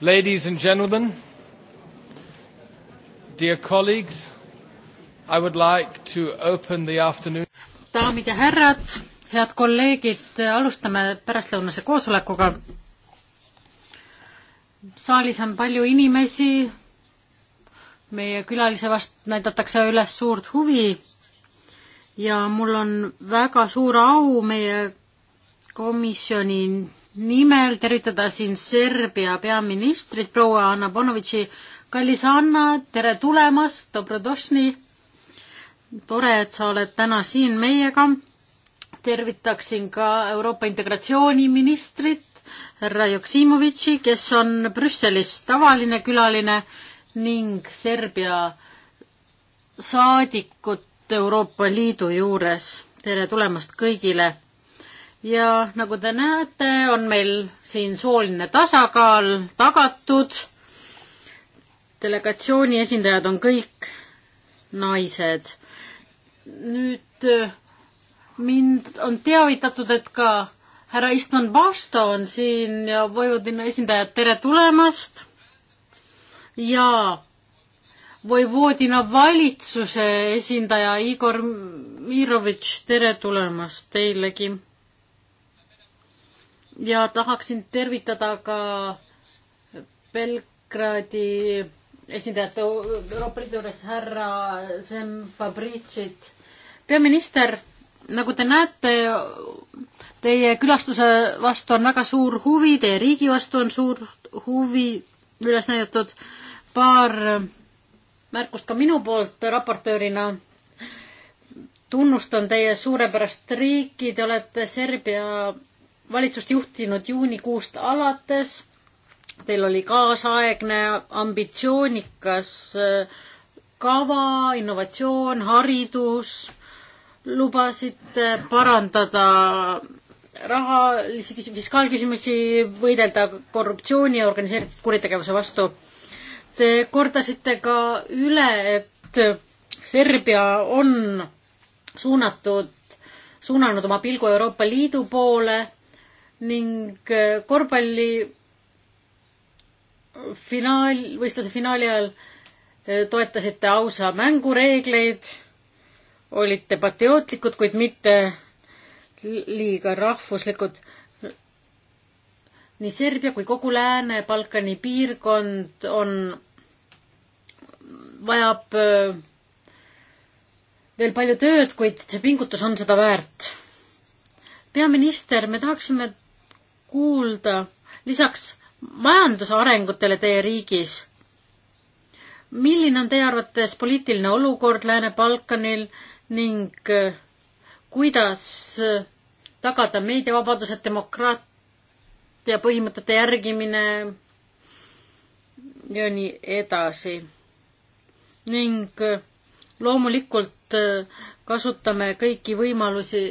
Ladies and gentlemen, dear colleagues, I would like to open the afternoon. daamid ja härrad, head kolleegid, alustame pärastlõunase koosolekuga. saalis on palju inimesi, meie külalise vastu näidatakse üles suurt huvi ja mul on väga suur au meie komisjoni nimel tervitada siin Serbia peaministrit, proua Anna Bonovitši. kallis Anna, tere tulemast, Dobrodošni. tore, et sa oled täna siin meiega. tervitaksin ka Euroopa integratsiooniministrit härra Joksimovitši, kes on Brüsselis tavaline külaline ning Serbia saadikut Euroopa Liidu juures. tere tulemast kõigile ja nagu te näete, on meil siin sooline tasakaal tagatud. delegatsiooni esindajad on kõik naised. nüüd äh, mind on teavitatud, et ka härra Istvan Vasto on siin ja Vojvodina esindajad, tere tulemast. ja Vojvodina valitsuse esindaja Igor Mirovitš, tere tulemast teilegi ja tahaksin tervitada ka Belgradi esindajate Euroopa Liidu juures härra Sem Fabricit. peaminister, nagu te näete, teie külastuse vastu on väga suur huvi, teie riigi vastu on suur huvi üles näidatud. paar märkust ka minu poolt raportöörina. tunnustan teie suurepärast riiki, te olete Serbia valitsust juhtinud juunikuust alates. Teil oli kaasaegne ambitsioonikas äh, kava, innovatsioon, haridus, lubasite parandada rahalisi fiskaalküsimusi, võidelda korruptsiooni ja organiseeritud kuritegevuse vastu. Te kordasite ka üle, et Serbia on suunatud, suunanud oma pilgu Euroopa Liidu poole ning äh, korvpalli finaal, võistluse finaali ajal äh, toetasite ausa mängureegleid, olite patriootlikud, kuid mitte liiga rahvuslikud. nii Serbia kui kogu Lääne-Balkani piirkond on, vajab äh, veel palju tööd, kuid see pingutus on seda väärt. peaminister, me tahaksime kuulda lisaks majanduse arengutele teie riigis? milline on teie arvates poliitiline olukord Lääne-Balkanil ning äh, kuidas äh, tagada meediavabadused, demokraatia põhimõtete järgimine ja nii edasi? ning äh, loomulikult kasutame kõiki võimalusi,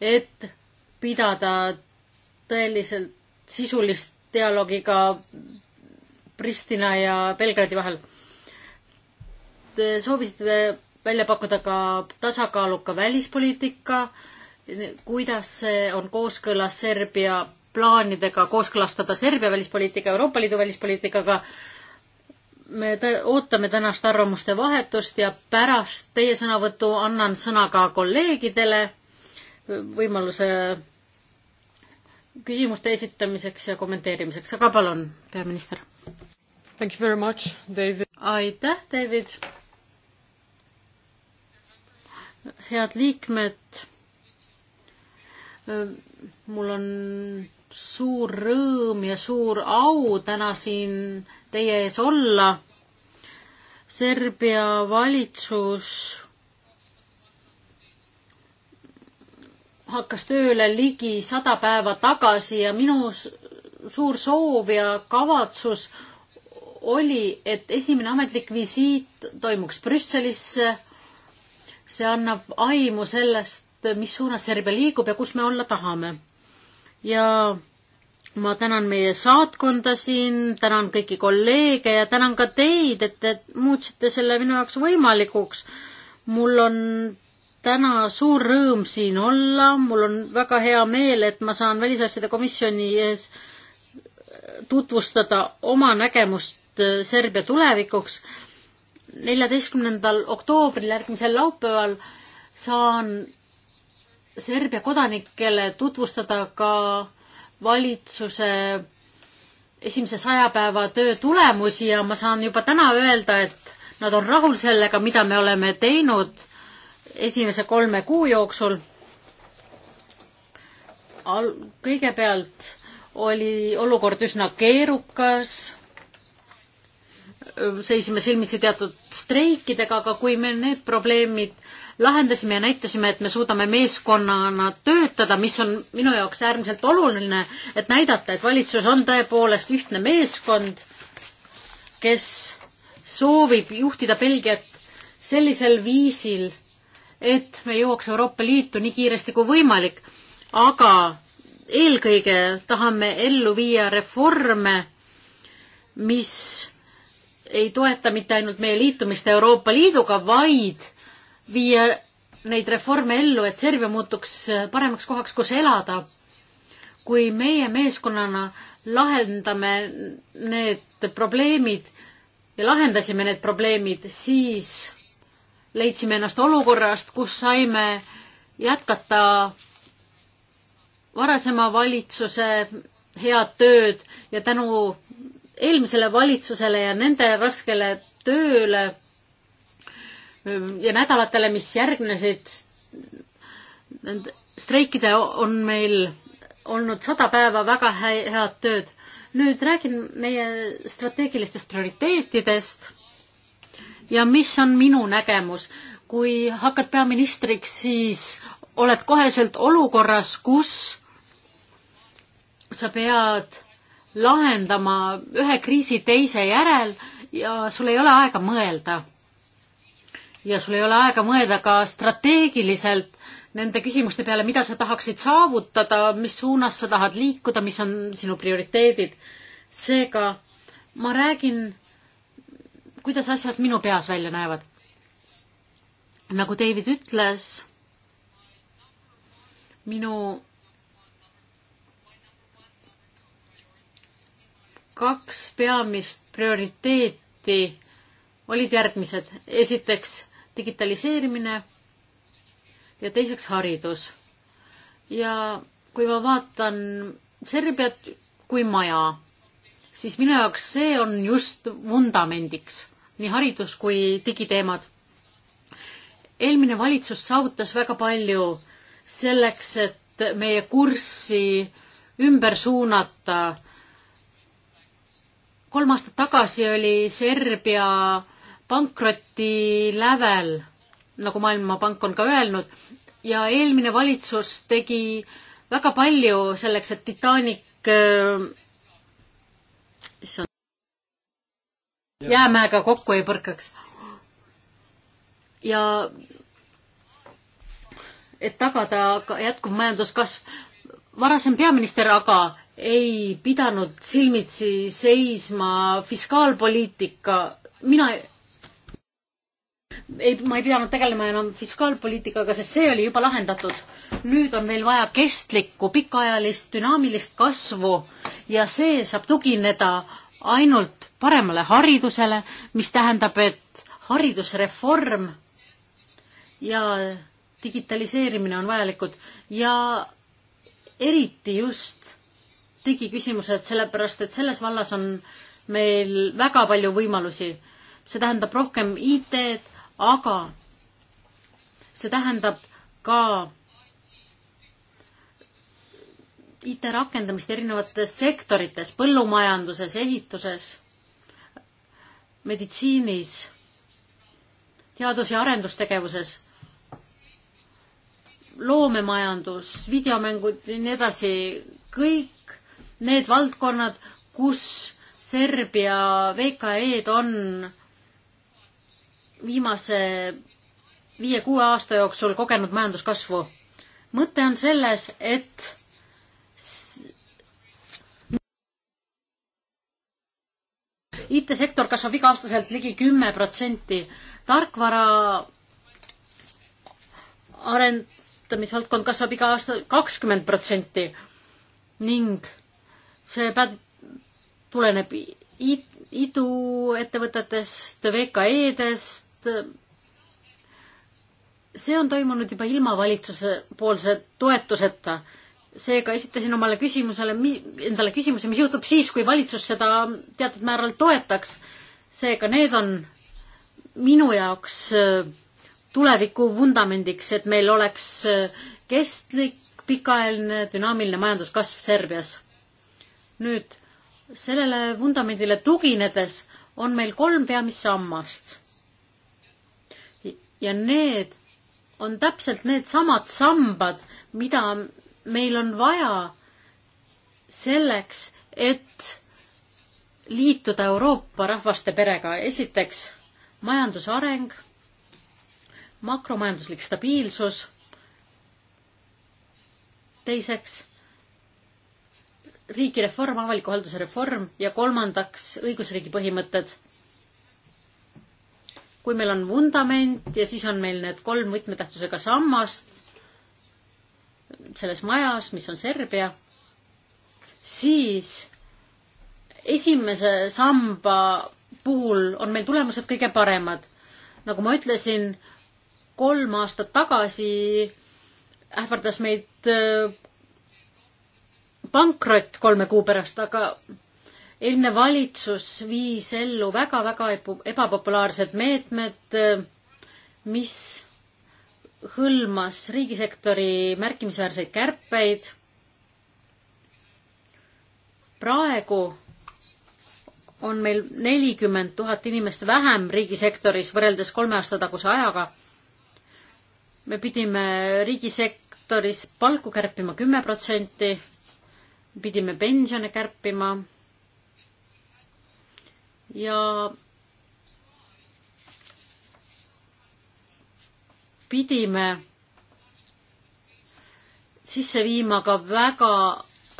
et pidada tõeliselt sisulist dialoogi ka Pristina ja Belgradi vahel. Te soovisite välja pakkuda ka tasakaaluka välispoliitika, kuidas see on kooskõlas Serbia plaanidega kooskõlastada Serbia välispoliitika Euroopa Liidu välispoliitikaga. me ootame tänast arvamuste vahetust ja pärast teie sõnavõttu annan sõna ka kolleegidele võimaluse küsimuste esitamiseks ja kommenteerimiseks, aga palun, peaminister. Thank you very much, David. aitäh, David. head liikmed. mul on suur rõõm ja suur au täna siin teie ees olla. Serbia valitsus hakkas tööle ligi sada päeva tagasi ja minu suur soov ja kavatsus oli, et esimene ametlik visiit toimuks Brüsselisse. see annab aimu sellest, mis suunas Serbia liigub ja kus me olla tahame. ja ma tänan meie saatkonda siin, tänan kõiki kolleege ja tänan ka teid, et te muutsite selle minu jaoks võimalikuks. mul on täna suur rõõm siin olla, mul on väga hea meel, et ma saan välisasjade komisjoni ees tutvustada oma nägemust äh, Serbia tulevikuks. neljateistkümnendal oktoobril, järgmisel laupäeval saan Serbia kodanikele tutvustada ka valitsuse esimese saja päeva töö tulemusi ja ma saan juba täna öelda, et nad on rahul sellega, mida me oleme teinud esimese kolme kuu jooksul. kõigepealt oli olukord üsna keerukas, seisime silmitsi teatud streikidega, aga kui me need probleemid lahendasime ja näitasime, et me suudame meeskonnana töötada, mis on minu jaoks äärmiselt oluline, et näidata, et valitsus on tõepoolest ühtne meeskond, kes soovib juhtida Belgiat sellisel viisil, et me jõuaks Euroopa Liitu nii kiiresti kui võimalik, aga eelkõige tahame ellu viia reforme, mis ei toeta mitte ainult meie liitumist Euroopa Liiduga, vaid viia neid reforme ellu, et Serbia muutuks paremaks kohaks, kus elada. kui meie meeskonnana lahendame need probleemid ja lahendasime need probleemid, siis leidsime ennast olukorrast, kus saime jätkata varasema valitsuse head tööd ja tänu eelmisele valitsusele ja nende raskele tööle ja nädalatele, mis järgnesid, streikide on meil olnud sada päeva väga head tööd. nüüd räägin meie strateegilistest prioriteetidest ja mis on minu nägemus. kui hakkad peaministriks, siis oled koheselt olukorras, kus sa pead lahendama ühe kriisi teise järel ja sul ei ole aega mõelda. ja sul ei ole aega mõelda ka strateegiliselt nende küsimuste peale, mida sa tahaksid saavutada, mis suunas sa tahad liikuda, mis on sinu prioriteedid. seega ma räägin kuidas asjad minu peas välja näevad. nagu David ütles, minu kaks peamist prioriteeti olid järgmised. esiteks digitaliseerimine ja teiseks haridus. ja kui ma vaatan Serbiat kui maja, siis minu jaoks see on just vundamendiks, nii haridus kui digiteemad. eelmine valitsus saavutas väga palju selleks, et meie kurssi ümber suunata. kolm aastat tagasi oli Serbia pankroti lävel, nagu Maailmapank on ka öelnud, ja eelmine valitsus tegi väga palju selleks, et Titanic äh, issand, jäämäega kokku ei põrkaks. ja et tagada jätkuv majanduskasv. varasem peaminister aga ei pidanud silmitsi seisma fiskaalpoliitika, mina ei, ma ei pidanud tegelema enam fiskaalpoliitikaga, sest see oli juba lahendatud. nüüd on meil vaja kestlikku, pikaajalist, dünaamilist kasvu ja see saab tugineda ainult paremale haridusele, mis tähendab, et haridusreform ja digitaliseerimine on vajalikud ja eriti just digiküsimused, sellepärast et selles vallas on meil väga palju võimalusi. see tähendab rohkem IT-d, aga see tähendab ka IT rakendamist erinevates sektorites, põllumajanduses, ehituses, meditsiinis, teadus- ja arendustegevuses, loomemajandus, videomängud ja nii edasi, kõik need valdkonnad, kus Serbia VKE-d on viimase viie-kuue aasta jooksul kogenud majanduskasvu. mõte on selles, et IT-sektor kasvab iga-aastaselt ligi kümme protsenti. tarkvara arendamisvaldkond kasvab iga aasta kakskümmend protsenti ning see pä-, tuleneb it-, iduettevõtetest, VKE-dest, see on toimunud juba ilma valitsuse poolse toetuseta seega esitasin omale küsimusele, endale küsimuse, mis juhtub siis, kui valitsus seda teatud määral toetaks. seega need on minu jaoks äh, tuleviku vundamendiks, et meil oleks äh, kestlik, pikaajaline, dünaamiline majanduskasv Serbias. nüüd sellele vundamendile tuginedes on meil kolm peamist sammast. ja need on täpselt needsamad sambad, mida meil on vaja selleks, et liituda Euroopa rahvaste perega. esiteks majandusareng, makromajanduslik stabiilsus. teiseks riigireform, avaliku halduse reform ja kolmandaks õigusriigi põhimõtted. kui meil on vundament ja siis on meil need kolm võtmetähtsusega sammast, selles majas, mis on Serbia, siis esimese samba puhul on meil tulemused kõige paremad. nagu ma ütlesin, kolm aastat tagasi ähvardas meid äh, pankrot kolme kuu pärast, aga eelmine valitsus viis ellu väga-väga ebapopulaarsed meetmed, äh, mis hõlmas riigisektori märkimisväärseid kärpeid. praegu on meil nelikümmend tuhat inimest vähem riigisektoris võrreldes kolme aasta taguse ajaga. me pidime riigisektoris palku kärpima kümme protsenti, pidime pensione kärpima ja pidime sisse viima ka väga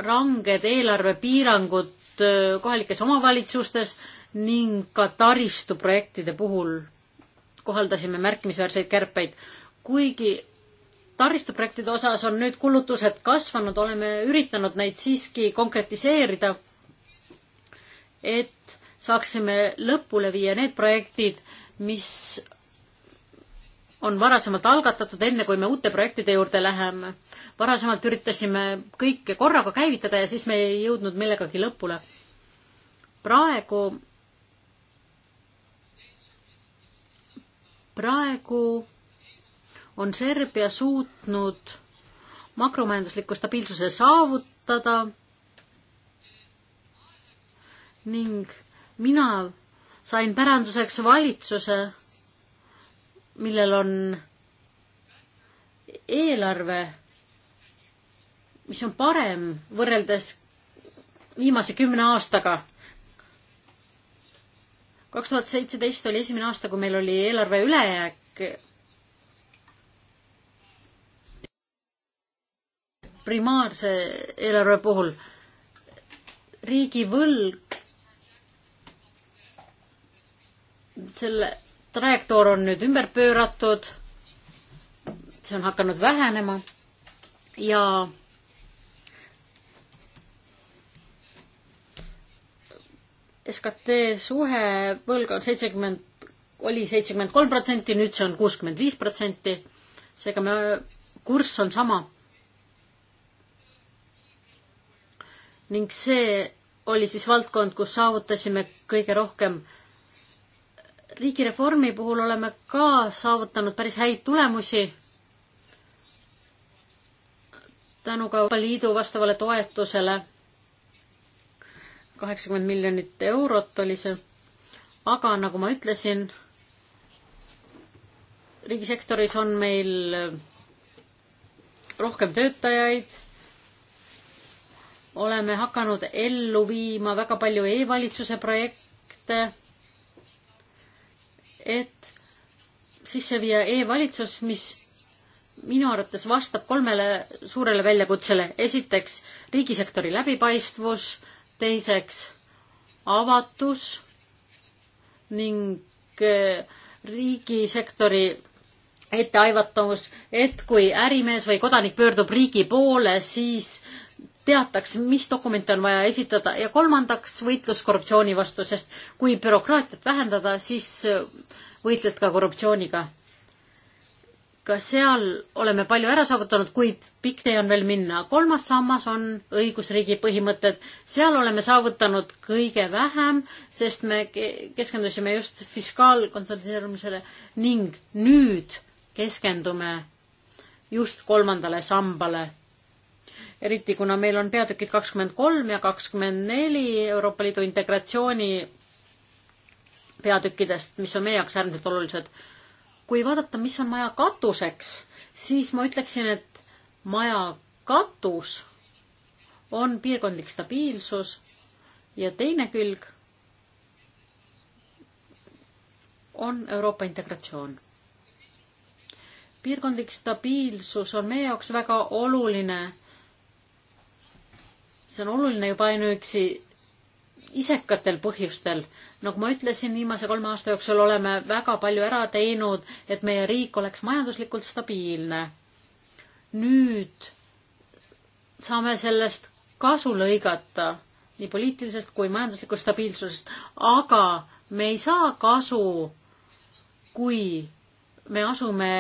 ranged eelarvepiirangud äh, kohalikes omavalitsustes ning ka taristuprojektide puhul kohaldasime märkimisväärseid kärpeid. kuigi taristuprojektide osas on nüüd kulutused kasvanud, oleme üritanud neid siiski konkretiseerida, et saaksime lõpule viia need projektid, mis on varasemalt algatatud, enne kui me uute projektide juurde läheme. varasemalt üritasime kõike korraga käivitada ja siis me ei jõudnud millegagi lõpule. praegu, praegu on Serbia suutnud makromajandusliku stabiilsuse saavutada ning mina sain päranduseks valitsuse millel on eelarve, mis on parem võrreldes viimase kümne aastaga. kaks tuhat seitseteist oli esimene aasta, kui meil oli eelarve ülejääk. primaarse eelarve puhul riigivõlg selle trajektoor on nüüd ümber pööratud, see on hakanud vähenema ja SKT suhe võlga on seitsekümmend, oli seitsekümmend kolm protsenti, nüüd see on kuuskümmend viis protsenti, seega me, kurss on sama. ning see oli siis valdkond, kus saavutasime kõige rohkem riigireformi puhul oleme ka saavutanud päris häid tulemusi tänu ka Euroopa Liidu vastavale toetusele. kaheksakümmend miljonit eurot oli see, aga nagu ma ütlesin, riigisektoris on meil rohkem töötajaid, oleme hakanud ellu viima väga palju e-valitsuse projekte et sisse viia e-valitsus, mis minu arvates vastab kolmele suurele väljakutsele. esiteks riigisektori läbipaistvus, teiseks avatus ning äh, riigisektori etteaimatavus, et kui ärimees või kodanik pöördub riigi poole, siis teataks, mis dokumente on vaja esitada ja kolmandaks võitlus korruptsiooni vastu, sest kui bürokraatiat vähendada, siis äh, võitled ka korruptsiooniga. ka seal oleme palju ära saavutanud, kuid pikk tee on veel minna. kolmas sammas on õigusriigi põhimõtted, seal oleme saavutanud kõige vähem, sest me keskendusime just fiskaalkonsolideerumisele ning nüüd keskendume just kolmandale sambale eriti kuna meil on peatükid kakskümmend kolm ja kakskümmend neli Euroopa Liidu integratsiooni peatükkidest, mis on meie jaoks äärmiselt olulised. kui vaadata, mis on maja katuseks, siis ma ütleksin, et maja katus on piirkondlik stabiilsus ja teine külg on Euroopa integratsioon. piirkondlik stabiilsus on meie jaoks väga oluline see on oluline juba ainuüksi isekatel põhjustel. nagu ma ütlesin, viimase kolme aasta jooksul oleme väga palju ära teinud, et meie riik oleks majanduslikult stabiilne. nüüd saame sellest kasu lõigata nii poliitilisest kui majanduslikust stabiilsusest, aga me ei saa kasu, kui me asume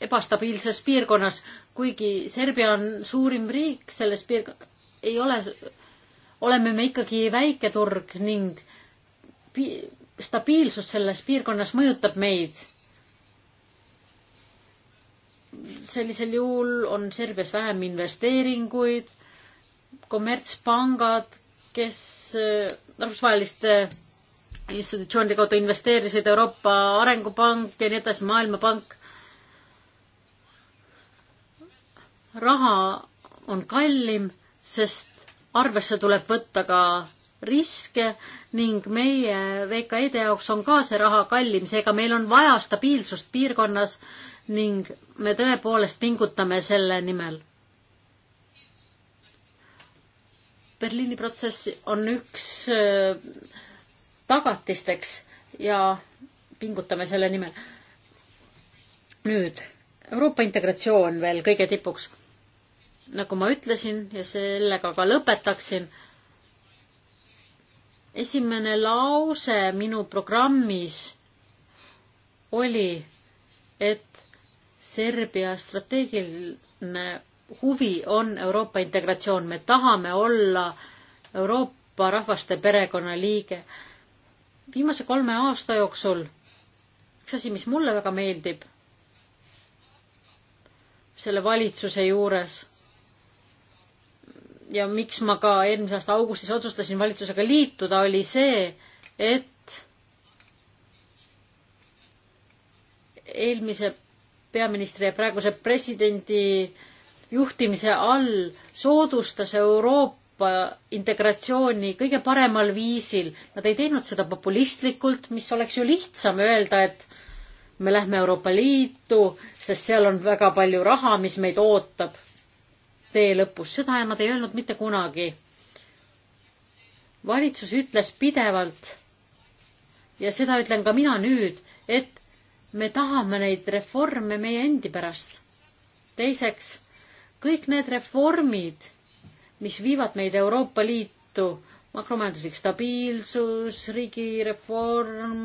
ebastabiilses piirkonnas, kuigi Serbia on suurim riik selles piirkonnas ei ole, oleme me ikkagi väike turg ning pi-, stabiilsus selles piirkonnas mõjutab meid. sellisel juhul on Serbias vähem investeeringuid, kommertspangad, kes äh, rahvusvaheliste institutsioonide kaudu investeerisid, Euroopa Arengupank ja nii edasi, Maailmapank. raha on kallim sest arvesse tuleb võtta ka riske ning meie VKE-de jaoks on ka see raha kallim, seega meil on vaja stabiilsust piirkonnas ning me tõepoolest pingutame selle nimel. Berliini protsess on üks äh, tagatisteks ja pingutame selle nimel. nüüd Euroopa integratsioon veel kõige tipuks nagu ma ütlesin ja sellega ka lõpetaksin. esimene lause minu programmis oli, et Serbia strateegiline huvi on Euroopa integratsioon, me tahame olla Euroopa rahvaste perekonnaliige. viimase kolme aasta jooksul üks asi, mis mulle väga meeldib selle valitsuse juures ja miks ma ka eelmise aasta augustis otsustasin valitsusega liituda, oli see, et eelmise peaministri ja praeguse presidendi juhtimise all soodustas Euroopa integratsiooni kõige paremal viisil. Nad ei teinud seda populistlikult, mis oleks ju lihtsam öelda, et me lähme Euroopa Liitu, sest seal on väga palju raha, mis meid ootab tee lõpus, seda nad ei öelnud mitte kunagi. valitsus ütles pidevalt ja seda ütlen ka mina nüüd, et me tahame neid reforme meie endi pärast. teiseks, kõik need reformid, mis viivad meid Euroopa Liitu, makromajanduslik stabiilsus, riigireform,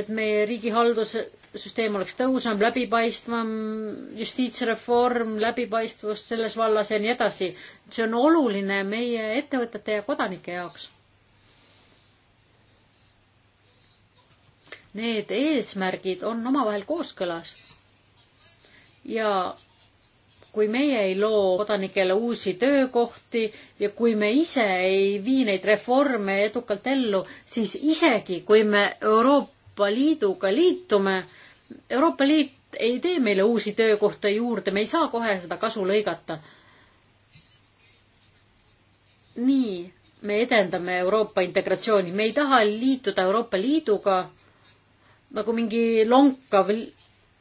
et meie riigihaldussüsteem oleks tõhusam, läbipaistvam, justiitsreform, läbipaistvus selles vallas ja nii edasi. see on oluline meie ettevõtete ja kodanike jaoks. Need eesmärgid on omavahel kooskõlas. ja kui meie ei loo kodanikele uusi töökohti ja kui me ise ei vii neid reforme edukalt ellu, siis isegi kui me Euroopa Euroopa Liiduga liitume, Euroopa Liit ei tee meile uusi töökohta juurde, me ei saa kohe seda kasu lõigata. nii, me edendame Euroopa integratsiooni, me ei taha liituda Euroopa Liiduga nagu mingi lonkav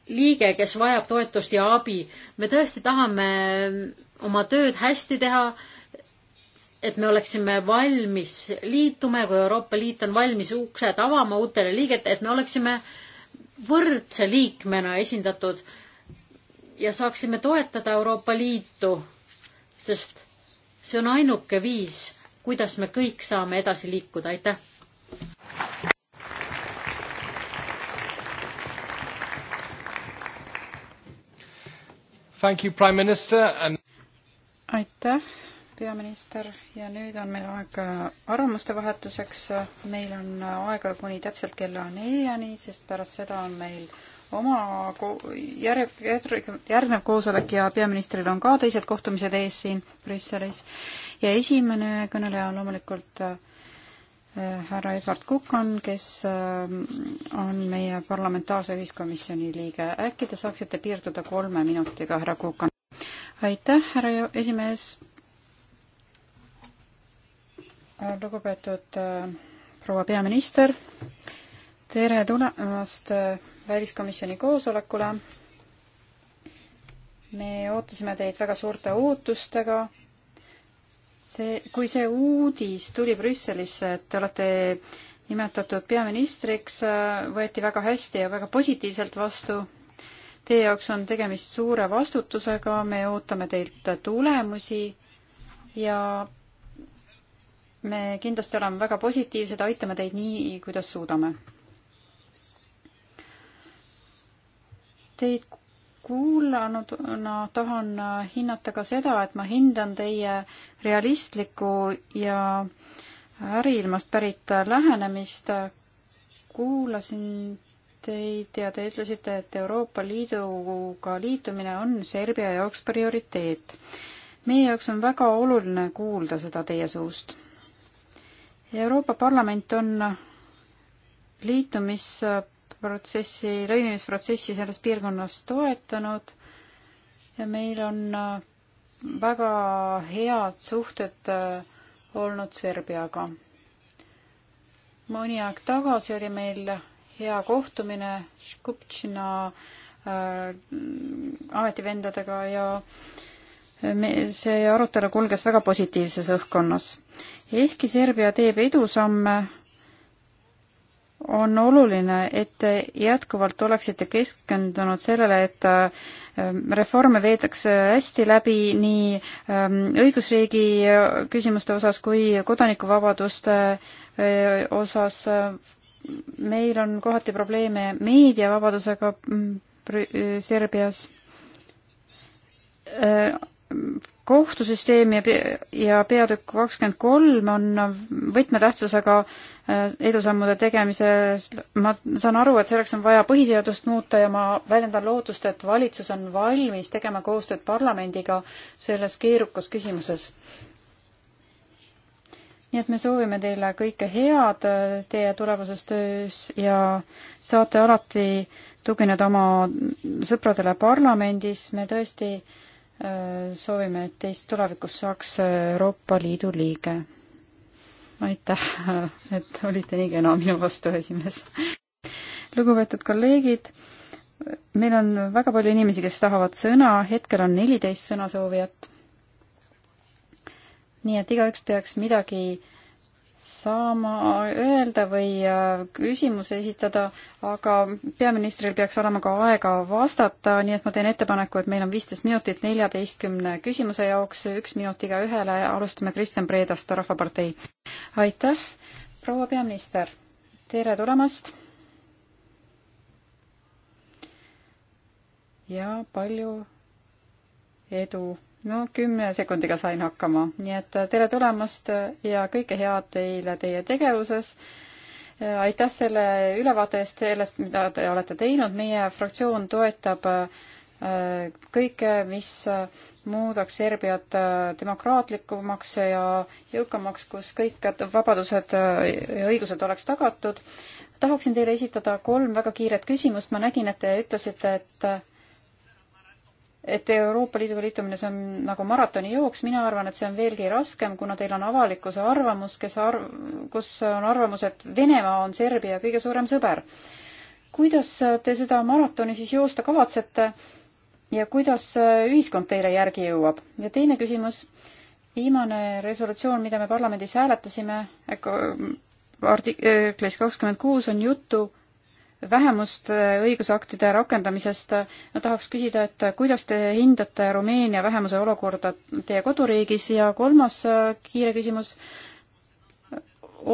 liige, kes vajab toetust ja abi. me tõesti tahame oma tööd hästi teha, et me oleksime valmis liituma ja kui Euroopa Liit on valmis uksed avama uutele liiget, et me oleksime võrdse liikmena esindatud ja saaksime toetada Euroopa Liitu, sest see on ainuke viis, kuidas me kõik saame edasi liikuda, aitäh! Thank you, Prime Minister and aitäh peaminister ja nüüd on meil aeg arvamuste vahetuseks. meil on aega kuni täpselt kella neljani, sest pärast seda on meil oma järg, järg, järgnev koosolek ja peaministril on ka teised kohtumised ees siin Brüsselis. ja esimene kõneleja on loomulikult äh, härra Edward Kukan, kes äh, on meie parlamentaarse ühiskomisjoni liige. äkki te saaksite piirduda kolme minutiga, härra Kukan? aitäh, härra esimees lugupeetud äh, proua peaminister, tere tulemast äh, väliskomisjoni koosolekule. me ootasime teid väga suurte ootustega. see, kui see uudis tuli Brüsselisse, et te olete nimetatud peaministriks, äh, võeti väga hästi ja väga positiivselt vastu. Teie jaoks on tegemist suure vastutusega, me ootame teilt tulemusi ja me kindlasti oleme väga positiivsed, aitame teid nii, kuidas suudame. Teid kuulanuna no, tahan hinnata ka seda, et ma hindan teie realistlikku ja äriilmast pärit lähenemist. kuulasin teid ja te ütlesite, et Euroopa Liiduga liitumine on Serbia jaoks prioriteet. meie jaoks on väga oluline kuulda seda teie suust Euroopa Parlament on liitumisprotsessi, lõimimisprotsessi selles piirkonnas toetanud ja meil on äh, väga head suhted äh, olnud Serbiaga. mõni aeg tagasi oli meil hea kohtumine Škuptšina äh, ametivendadega ja me, see arutelu kulges väga positiivses õhkkonnas ehkki Serbia teeb edusamme, on oluline, et te jätkuvalt oleksite keskendunud sellele, et ähm, reforme veedakse hästi läbi nii ähm, õigusriigi äh, küsimuste osas kui kodanikuvabaduste äh, osas. meil on kohati probleeme meediavabadusega mm, äh, Serbias kohtusüsteem ja, ja peatükk kakskümmend kolm on võtmetähtsusega äh, edusammude tegemises. ma saan aru, et selleks on vaja põhiseadust muuta ja ma väljendan lootust, et valitsus on valmis tegema koostööd parlamendiga selles keerukas küsimuses. nii et me soovime teile kõike head äh, teie tulevases töös ja saate alati tugineda oma sõpradele parlamendis, me tõesti äh, Äh, soovime, et teist tulevikus saaks Euroopa Liidu liige. aitäh, et olite nii kena minu vastu, esimees. lugupeetud kolleegid, meil on väga palju inimesi, kes tahavad sõna, hetkel on neliteist sõnasoovijat. nii et igaüks peaks midagi saama öelda või äh, küsimusi esitada, aga peaministril peaks olema ka aega vastata, nii et ma teen ettepaneku, et meil on viisteist minutit neljateistkümne küsimuse jaoks, üks minut igaühele, alustame Kristjan Preedast, Rahvapartei. aitäh, proua peaminister, tere tulemast! ja palju edu! no kümne sekundiga sain hakkama, nii et äh, tere tulemast ja kõike head teile teie tegevuses. Äh, aitäh selle ülevaate eest sellest, mida te olete teinud, meie fraktsioon toetab äh, kõike, mis muudaks Serbiat demokraatlikumaks ja jõukamaks, kus kõik vabadused ja õigused oleks tagatud. tahaksin teile esitada kolm väga kiiret küsimust, ma nägin, et te ütlesite, et et Euroopa Liiduga liitumine, see on nagu maratonijooks, mina arvan, et see on veelgi raskem, kuna teil on avalikkuse arvamus, kes arv-, kus on arvamus, et Venemaa on Serbia kõige suurem sõber. kuidas te seda maratoni siis joosta kavatsete ja kuidas ühiskond teile järgi jõuab? ja teine küsimus, viimane resolutsioon, mida me parlamendis hääletasime, artiklis äh, kakskümmend kuus on juttu vähemuste äh, õigusaktide rakendamisest. ma tahaks küsida, et kuidas te hindate Rumeenia vähemuse olukorda teie koduriigis ja kolmas äh, kiire küsimus,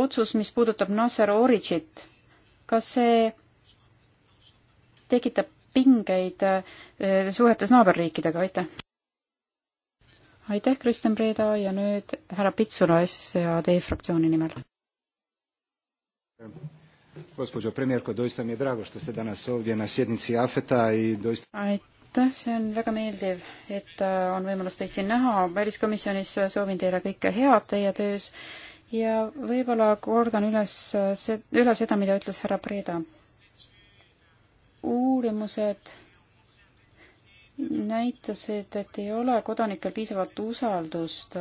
otsus, mis puudutab Nasser Oricit. kas see tekitab pingeid äh, suhetes naaberriikidega, aitäh! aitäh, Kristjan Preeda ja nüüd härra Pitsula SEAD fraktsiooni nimel gospođo premjerko, doista mi je drago što ste danas ovdje na sjednici AFETA i doista... aitäh, see on väga meeldiv, et äh, on võimalus teid siin näha. väliskomisjonis äh, soovin teile kõike head teie töös ja võib-olla kordan üles, äh, üle seda, mida ütles härra Preda. uurimused näitasid, et ei ole kodanikel piisavalt usaldust.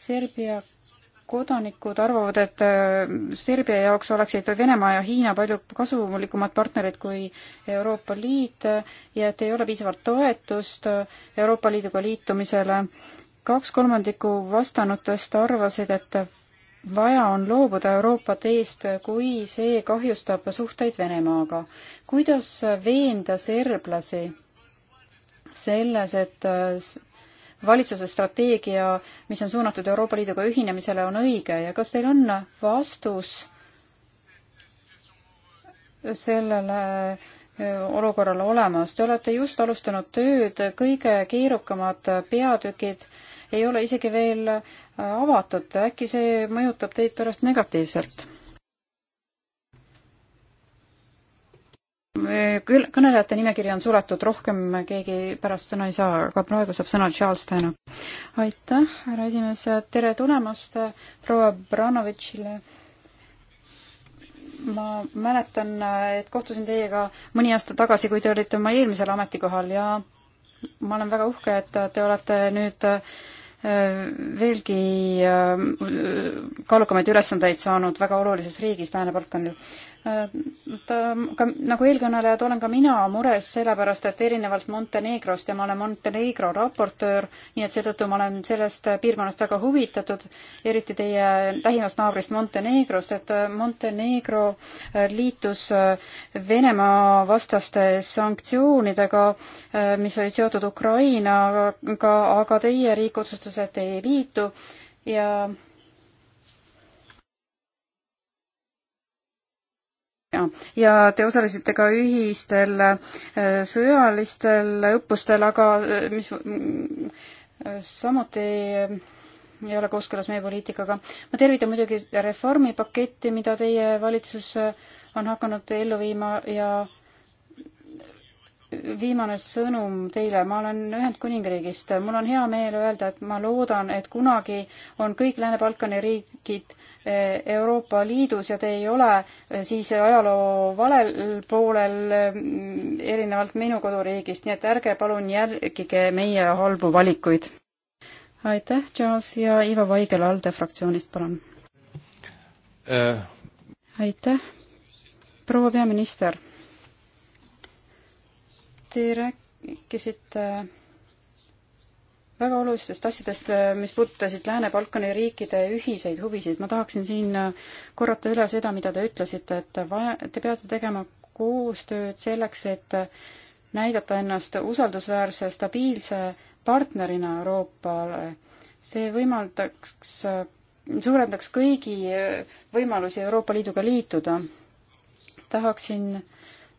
Serbia kodanikud arvavad, et äh, Serbia jaoks oleksid Venemaa ja Hiina palju kasulikumad partnerid kui Euroopa Liit ja et ei ole piisavalt toetust äh, Euroopa Liiduga liitumisele. kaks kolmandikku vastanutest arvasid, et vaja on loobuda Euroopa teest, kui see kahjustab suhteid Venemaaga. kuidas veenda serblasi selles, et äh, valitsuse strateegia, mis on suunatud Euroopa Liiduga ühinemisele, on õige ja kas teil on vastus sellele äh, olukorrale olemas? Te olete just alustanud tööd, kõige keerukamad peatükid ei ole isegi veel äh, avatud, äkki see mõjutab teid pärast negatiivselt? küll, kõnelejate nimekiri on suletud, rohkem keegi pärast sõna ei saa, aga praegu saab sõna Charles Tänu. aitäh, härra esimees, tere tulemast proua Branovitšile. ma mäletan, et kohtusin teiega mõni aasta tagasi, kui te olite oma eelmisel ametikohal ja ma olen väga uhke, et te olete nüüd äh, veelgi äh, kaalukamaid ülesandeid saanud väga olulises riigis Lääne-Balkanil. Äh, ta, ka nagu eelkõnelejad, olen ka mina mures sellepärast, et erinevalt Montenegrost ja ma olen Montenegro raportöör, nii et seetõttu ma olen sellest piirkonnast väga huvitatud, eriti teie lähimast naabrist Montenegrost, et äh, Montenegro äh, liitus Venemaa vastaste sanktsioonidega, mis olid seotud Ukrainaga, aga teie riik otsustas, et ei liitu ja ja te osalesite ka ühistel äh, sõjalistel õppustel, aga äh, mis mm, äh, samuti ei ole kooskõlas meie poliitikaga. ma tervitan muidugi reformipaketti, mida teie valitsus on hakanud ellu viima ja viimane sõnum teile, ma olen Ühendkuningriigist, mul on hea meel öelda, et ma loodan, et kunagi on kõik Lääne-Balkani riigid eh, Euroopa Liidus ja te ei ole eh, siis ajaloo valel poolel mm, erinevalt minu koduriigist, nii et ärge palun järgige meie halbu valikuid. aitäh, Charles ja Ivo Vaigel ALDE fraktsioonist, palun äh.. aitäh, proua peaminister Te rääkisite väga olulistest asjadest, mis puudutasid Lääne-Balkani riikide ühiseid huvisid. ma tahaksin siin korrata üle seda, mida te ütlesite, et vaja, te peate tegema koostööd selleks, et näidata ennast usaldusväärse, stabiilse partnerina Euroopale. see võimaldaks, suurendaks kõigi võimalusi Euroopa Liiduga liituda. tahaksin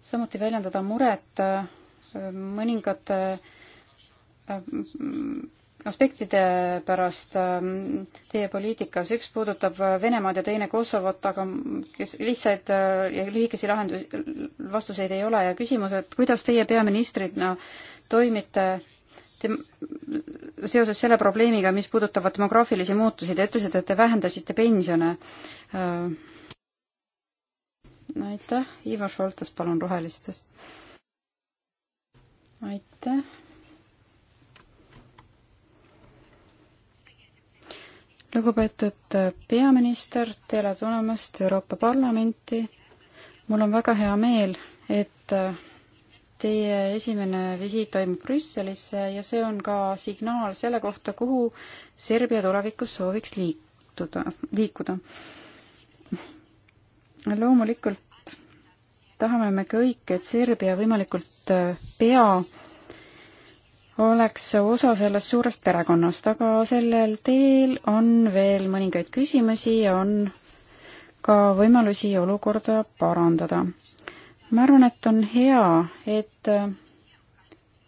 samuti väljendada muret mõningate äh, aspektide pärast ähm, teie poliitikas, üks puudutab äh, Venemaad ja teine Kosovot, aga kes lihtsaid äh, ja lühikesi lahendus, vastuseid ei ole ja küsimus, et kuidas teie peaministrina toimite tem-, seoses selle probleemiga, mis puudutavad demograafilisi muutusi, te ütlesite, et te vähendasite pensione. aitäh, Ivo Šoltes, palun, Rohelistest aitäh. lugupeetud peaminister, tere tulemast Euroopa Parlamenti. mul on väga hea meel, et teie esimene visiit toimub Brüsselisse ja see on ka signaal selle kohta, kuhu Serbia tulevikus sooviks liituda, liikuda. loomulikult tahame me kõik, et Serbia võimalikult äh, pea oleks osa sellest suurest perekonnast, aga sellel teel on veel mõningaid küsimusi ja on ka võimalusi olukorda parandada. ma arvan, et on hea, et äh,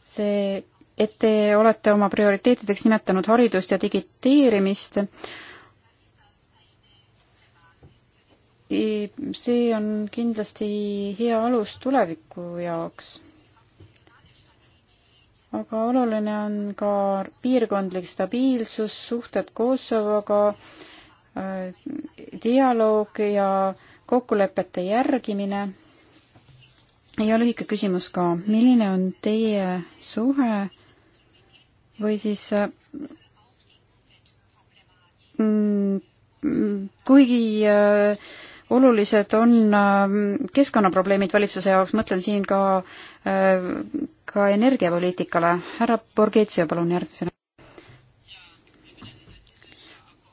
see, et te olete oma prioriteetideks nimetanud haridust ja digiteerimist, see on kindlasti hea alus tuleviku jaoks. aga oluline on ka piirkondlik stabiilsus, suhted Kosovoga, äh, dialoog ja kokkulepete järgimine. ja lühike küsimus ka, milline on teie suhe või siis äh, mm, mm, kuigi äh, olulised on ähm, keskkonnaprobleemid valitsuse jaoks, mõtlen siin ka, äh, ka energiapoliitikale. härra Borghezio, palun järgmisena.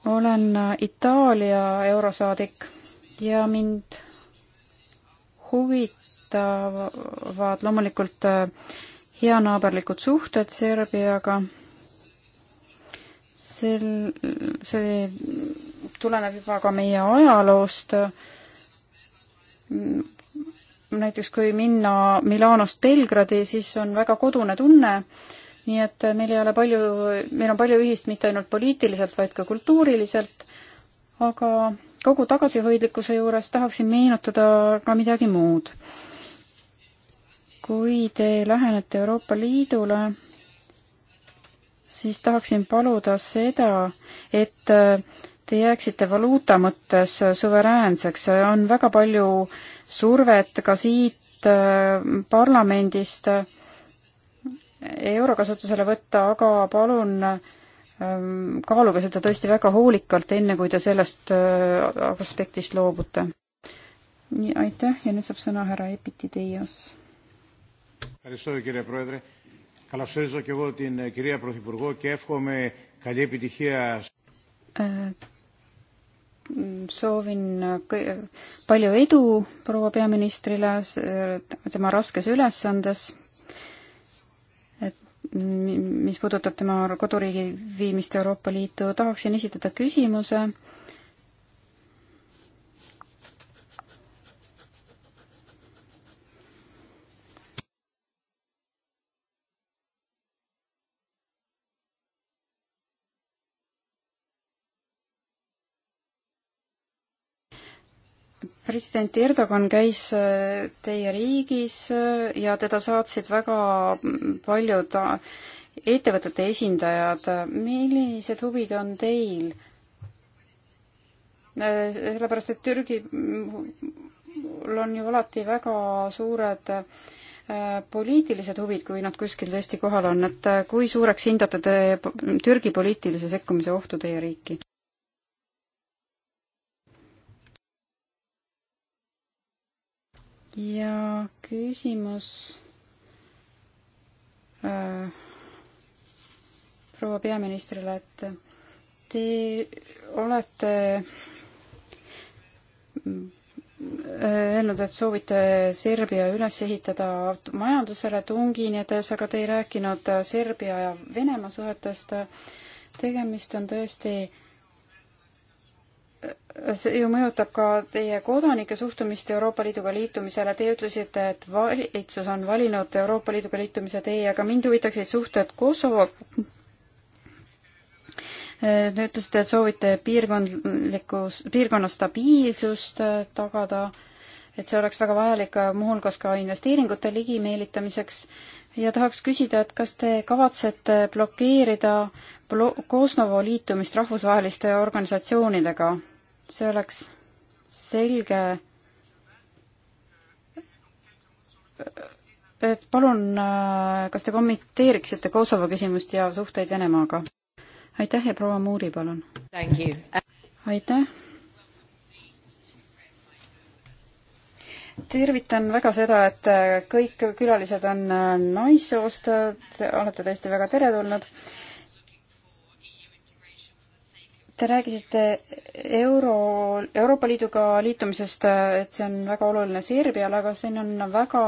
olen äh, Itaalia eurosaadik ja mind huvitavad loomulikult äh, heanaaberlikud suhted Serbiaga. sel, see tuleneb juba ka meie ajaloost. näiteks kui minna Milanost Belgradi, siis on väga kodune tunne. nii et meil ei ole palju, meil on palju ühist mitte ainult poliitiliselt, vaid ka kultuuriliselt. aga kogu tagasihoidlikkuse juures tahaksin meenutada ka midagi muud. kui te lähenete Euroopa Liidule, siis tahaksin paluda seda, et Te jääksite valuuta mõttes suveräänseks, on väga palju survet ka siit äh, parlamendist äh, euro kasutusele võtta, aga palun ähm, kaaluge seda tõesti väga hoolikalt, enne kui te sellest äh, aspektist loobute. nii, aitäh ja nüüd saab sõna härra Epitideios soovin palju edu proua peaministrile tema raskes ülesandes, et mis puudutab tema koduriigi viimist Euroopa Liitu, tahaksin esitada küsimuse president Erdogan käis äh, teie riigis äh, ja teda saatsid väga paljud äh, ettevõtete esindajad. millised huvid on teil? sellepärast, et Türgi on ju alati väga suured poliitilised huvid, kui nad kuskil tõesti kohal on, et kui suureks hindate te Türgi poliitilise sekkumise ohtu teie riiki? ja küsimus äh, proua peaministrile, et te olete äh, öelnud, et soovite Serbia üles ehitada majandusele tunginedes, aga te ei rääkinud Serbia ja Venemaa suhetest. tegemist on tõesti äh, see ju mõjutab ka teie kodanike suhtumist Euroopa Liiduga liitumisele. Teie ütlesite, et valitsus on valinud Euroopa Liiduga liitumise tee, aga mind huvitaksid suhted Kosovoga. Te ütlesite, et soovite piirkondlikku, piirkonna stabiilsust tagada, et see oleks väga vajalik muuhulgas ka investeeringute ligimeelitamiseks ja tahaks küsida, et kas te kavatsete blokeerida Kosovo liitumist rahvusvaheliste organisatsioonidega? see oleks selge et palun, äh, kas te kommenteeriksite Kosovo küsimust ja suhteid Venemaaga? aitäh ja proua Muuri, palun. aitäh. tervitan väga seda, et äh, kõik külalised on äh, naissoost, olete tõesti väga teretulnud Te rääkisite euro, Euroopa Liiduga liitumisest, et see on väga oluline Serbiale, aga siin on väga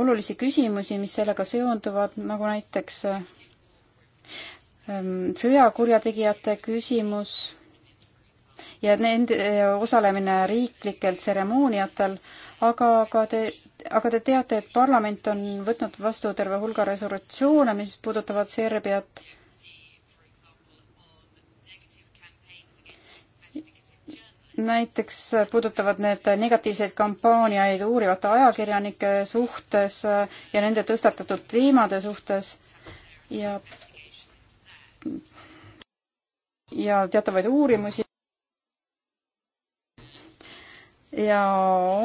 olulisi küsimusi, mis sellega seonduvad, nagu näiteks ehm, sõjakurjategijate küsimus ja nende osalemine riiklikel tseremooniatel, aga ka te, aga te teate, et parlament on võtnud vastu terve hulga resolutsioone, mis puudutavad Serbiat näiteks puudutavad need negatiivseid kampaaniaid uurivate ajakirjanike suhtes ja nende tõstatatud teemade suhtes ja ja teatavaid uurimusi ja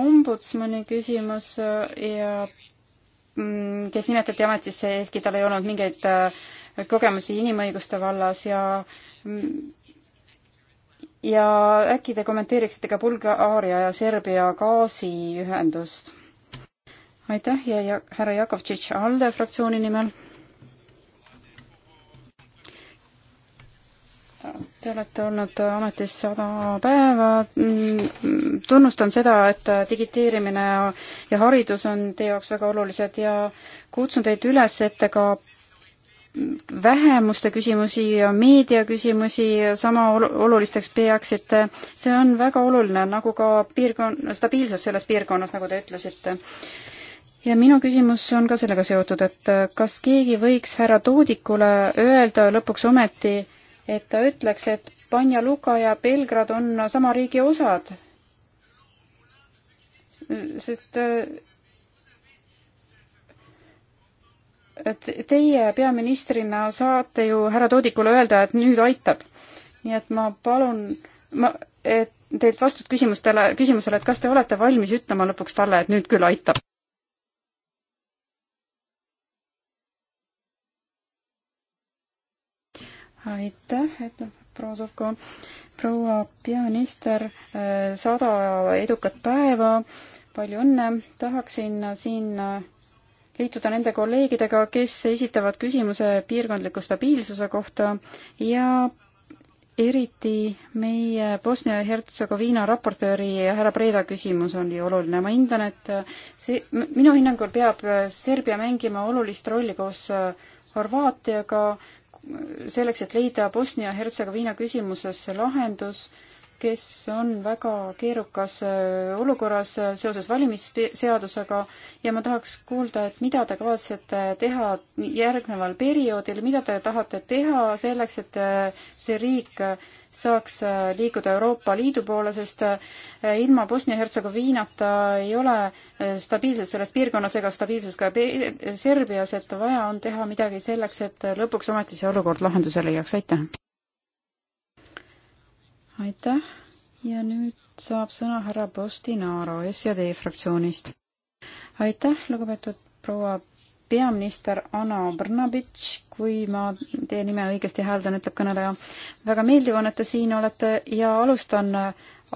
ombudsmani küsimus ja mm, kes nimetati ametisse, ehkki tal ei olnud mingeid äh, kogemusi inimõiguste vallas ja mm, ja äkki te kommenteeriksite ka Bulgaaria ja Serbia gaasiühendust? aitäh ja, ja härra Jakovtšitš ALDE fraktsiooni nimel. Te olete olnud ametis sada päeva. tunnustan seda, et digiteerimine ja haridus on teie jaoks väga olulised ja kutsun teid üles, et te ka vähemuste küsimusi ja meediaküsimusi sama olulisteks peaksite. see on väga oluline, nagu ka piirkon-, stabiilsus selles piirkonnas, nagu te ütlesite. ja minu küsimus on ka sellega seotud, et kas keegi võiks härra Toodikule öelda lõpuks ometi, et ta ütleks, et Banja Luka ja Belgrad on sama riigi osad? sest Teie peaministrina saate ju härra Toodikule öelda, et nüüd aitab. nii et ma palun, ma, et teilt vastust küsimustele, küsimusele, et kas te olete valmis ütlema lõpuks talle, et nüüd küll aitab? aitäh, ütleb noh, proua Sovko. proua peaminister, äh, sada edukat päeva, palju õnne, tahaksin äh, siin äh, liituda nende kolleegidega, kes esitavad küsimuse piirkondliku stabiilsuse kohta ja eriti meie Bosnia ja Hertsegoviina raportööri härra Preda küsimus oli oluline. ma hindan, et see, minu hinnangul peab Serbia mängima olulist rolli koos Horvaatiaga selleks, et leida Bosnia ja Hertsegoviina küsimuses lahendus äh, kes on väga keerukas äh, olukorras äh, seoses valimisseadusega ja ma tahaks kuulda, et mida te kavatsete teha järgneval perioodil, mida te tahate teha selleks, et äh, see riik saaks liikuda Euroopa Liidu poole, sest ilma Bosnia-Hertsegoviinata ei ole stabiilsust selles piirkonnas ega stabiilsust ka Serbias, et vaja on teha midagi selleks, et lõpuks ometi see olukord lahenduse leiaks, aitäh! aitäh ja nüüd saab sõna härra Postinaaro SED fraktsioonist. aitäh, lugupeetud proua peaminister Anna Brnabitš, kui ma teie nime õigesti hääldan, ütleb kõneleja. väga meeldiv on, et te siin olete ja alustan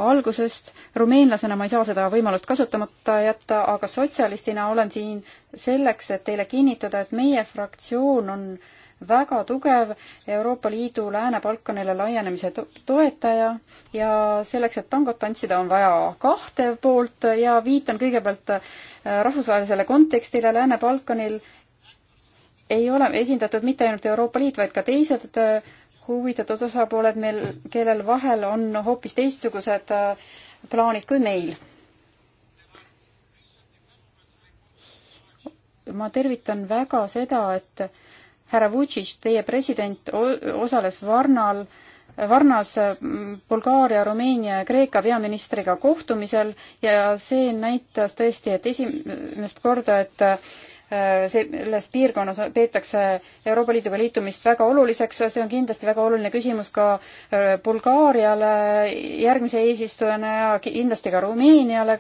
algusest. rumeenlasena ma ei saa seda võimalust kasutamata jätta, aga sotsialistina olen siin selleks, et teile kinnitada, et meie fraktsioon on äh, väga tugev Euroopa Liidu Lääne-Balkanile laienemise toetaja ja selleks, et tangot tantsida, on vaja kahte poolt ja viitan kõigepealt äh, rahvusvahelisele kontekstile Lääne-Balkanil ei ole esindatud mitte ainult Euroopa Liit, vaid ka teised äh, huvitatud osapooled meil, kellel vahel on hoopis teistsugused äh, plaanid kui meil. ma tervitan väga seda, et härra Vutšitš, teie president osales Varnal, Varnas mm, Bulgaaria, Rumeenia ja Kreeka peaministriga kohtumisel ja see näitas tõesti, et esimest korda, et äh, selles piirkonnas peetakse Euroopa Liiduga liitumist väga oluliseks ja see on kindlasti väga oluline küsimus ka äh, Bulgaariale järgmise eesistujana ja kindlasti ka Rumeeniale.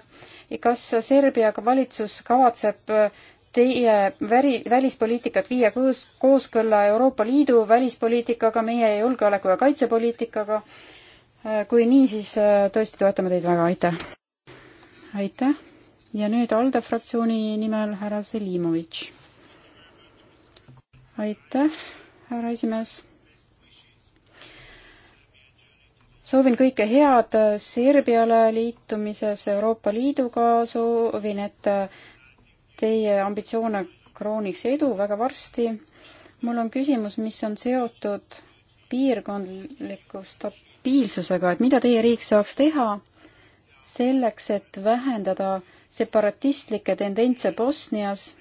kas Serbia valitsus kavatseb äh, teie väri, välispoliitikat viia koos, kooskõlla Euroopa Liidu välispoliitikaga, meie julgeoleku- ja kaitsepoliitikaga. Äh, kui nii, siis äh, tõesti toetame teid väga, aitäh! aitäh ja nüüd ALDE fraktsiooni nimel härra Selimovitš. aitäh, härra esimees! soovin kõike head äh, Serbiale liitumises Euroopa Liiduga, soovin, et teie ambitsioone krooniks edu väga varsti. mul on küsimus, mis on seotud piirkondliku stabiilsusega, et mida teie riik saaks teha selleks, et vähendada separatistlikke tendentse Bosnias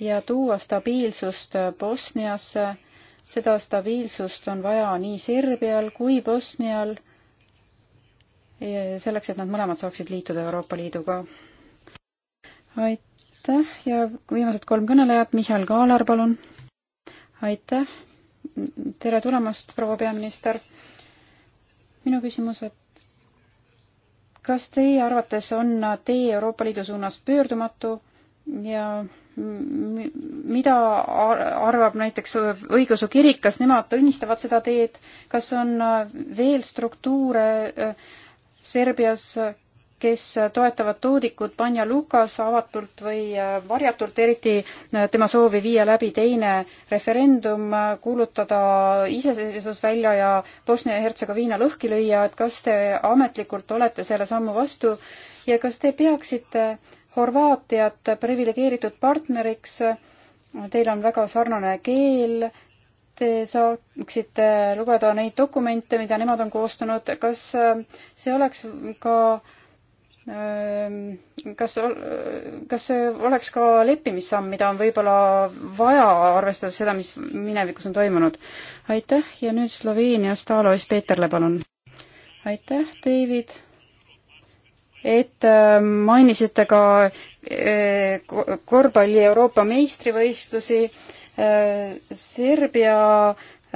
ja tuua stabiilsust Bosniasse. seda stabiilsust on vaja nii Serbial kui Bosnial, eh, selleks, et nad mõlemad saaksid liituda Euroopa Liiduga. aitäh! aitäh ja viimased kolm kõnelejat, Mihhail Kaalar, palun. aitäh. tere tulemast, proua peaminister. minu küsimus, et kas teie arvates on tee Euroopa Liidu suunas pöördumatu ja mida arvab näiteks õigeusu kirik, kas nemad õnnistavad seda teed, kas on veel struktuure äh, Serbias, kes toetavad toodikut Banja Lukas avatult või äh, varjatult, eriti äh, tema soovi viia läbi teine referendum, äh, kuulutada iseseisvus välja ja Bosnia ja Hertsegoviina lõhki lüüa, et kas te ametlikult olete selle sammu vastu ja kas te peaksite Horvaatiat priviligeeritud partneriks, teil on väga sarnane keel, te saaksite lugeda neid dokumente, mida nemad on koostanud, kas see oleks ka äh, Ehm, kas, kas see oleks ka leppimissamm, mida on võib-olla vaja, arvestades seda, mis minevikus on toimunud? aitäh ja nüüd Sloveeniast Alois Peeterle, palun. aitäh, David, et äh, mainisite ka äh, korvpalli Euroopa meistrivõistlusi. Äh, Serbia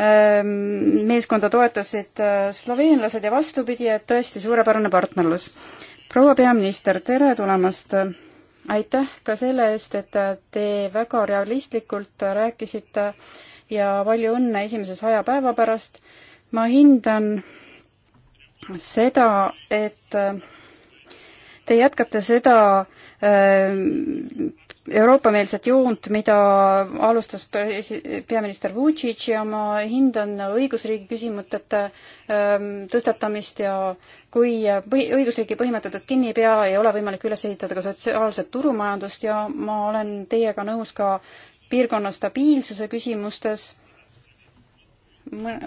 ähm, meeskonda toetasid sloveenlased ja vastupidi, et tõesti suurepärane partnerlus proua peaminister, tere tulemast! aitäh ka selle eest, et te väga realistlikult rääkisite ja palju õnne esimese saja päeva pärast. ma hindan seda, et te jätkate seda äh, Euroopa-meelset joont, mida alustas peaminister Vutšitš ja ma hindan õigusriigi küsimõtete ähm, tõstatamist ja kui äh, põhi, õigusriigi põhimõtetest kinni ei pea, ei ole võimalik üles ehitada ka sotsiaalset turumajandust ja ma olen teiega nõus ka piirkonna stabiilsuse küsimustes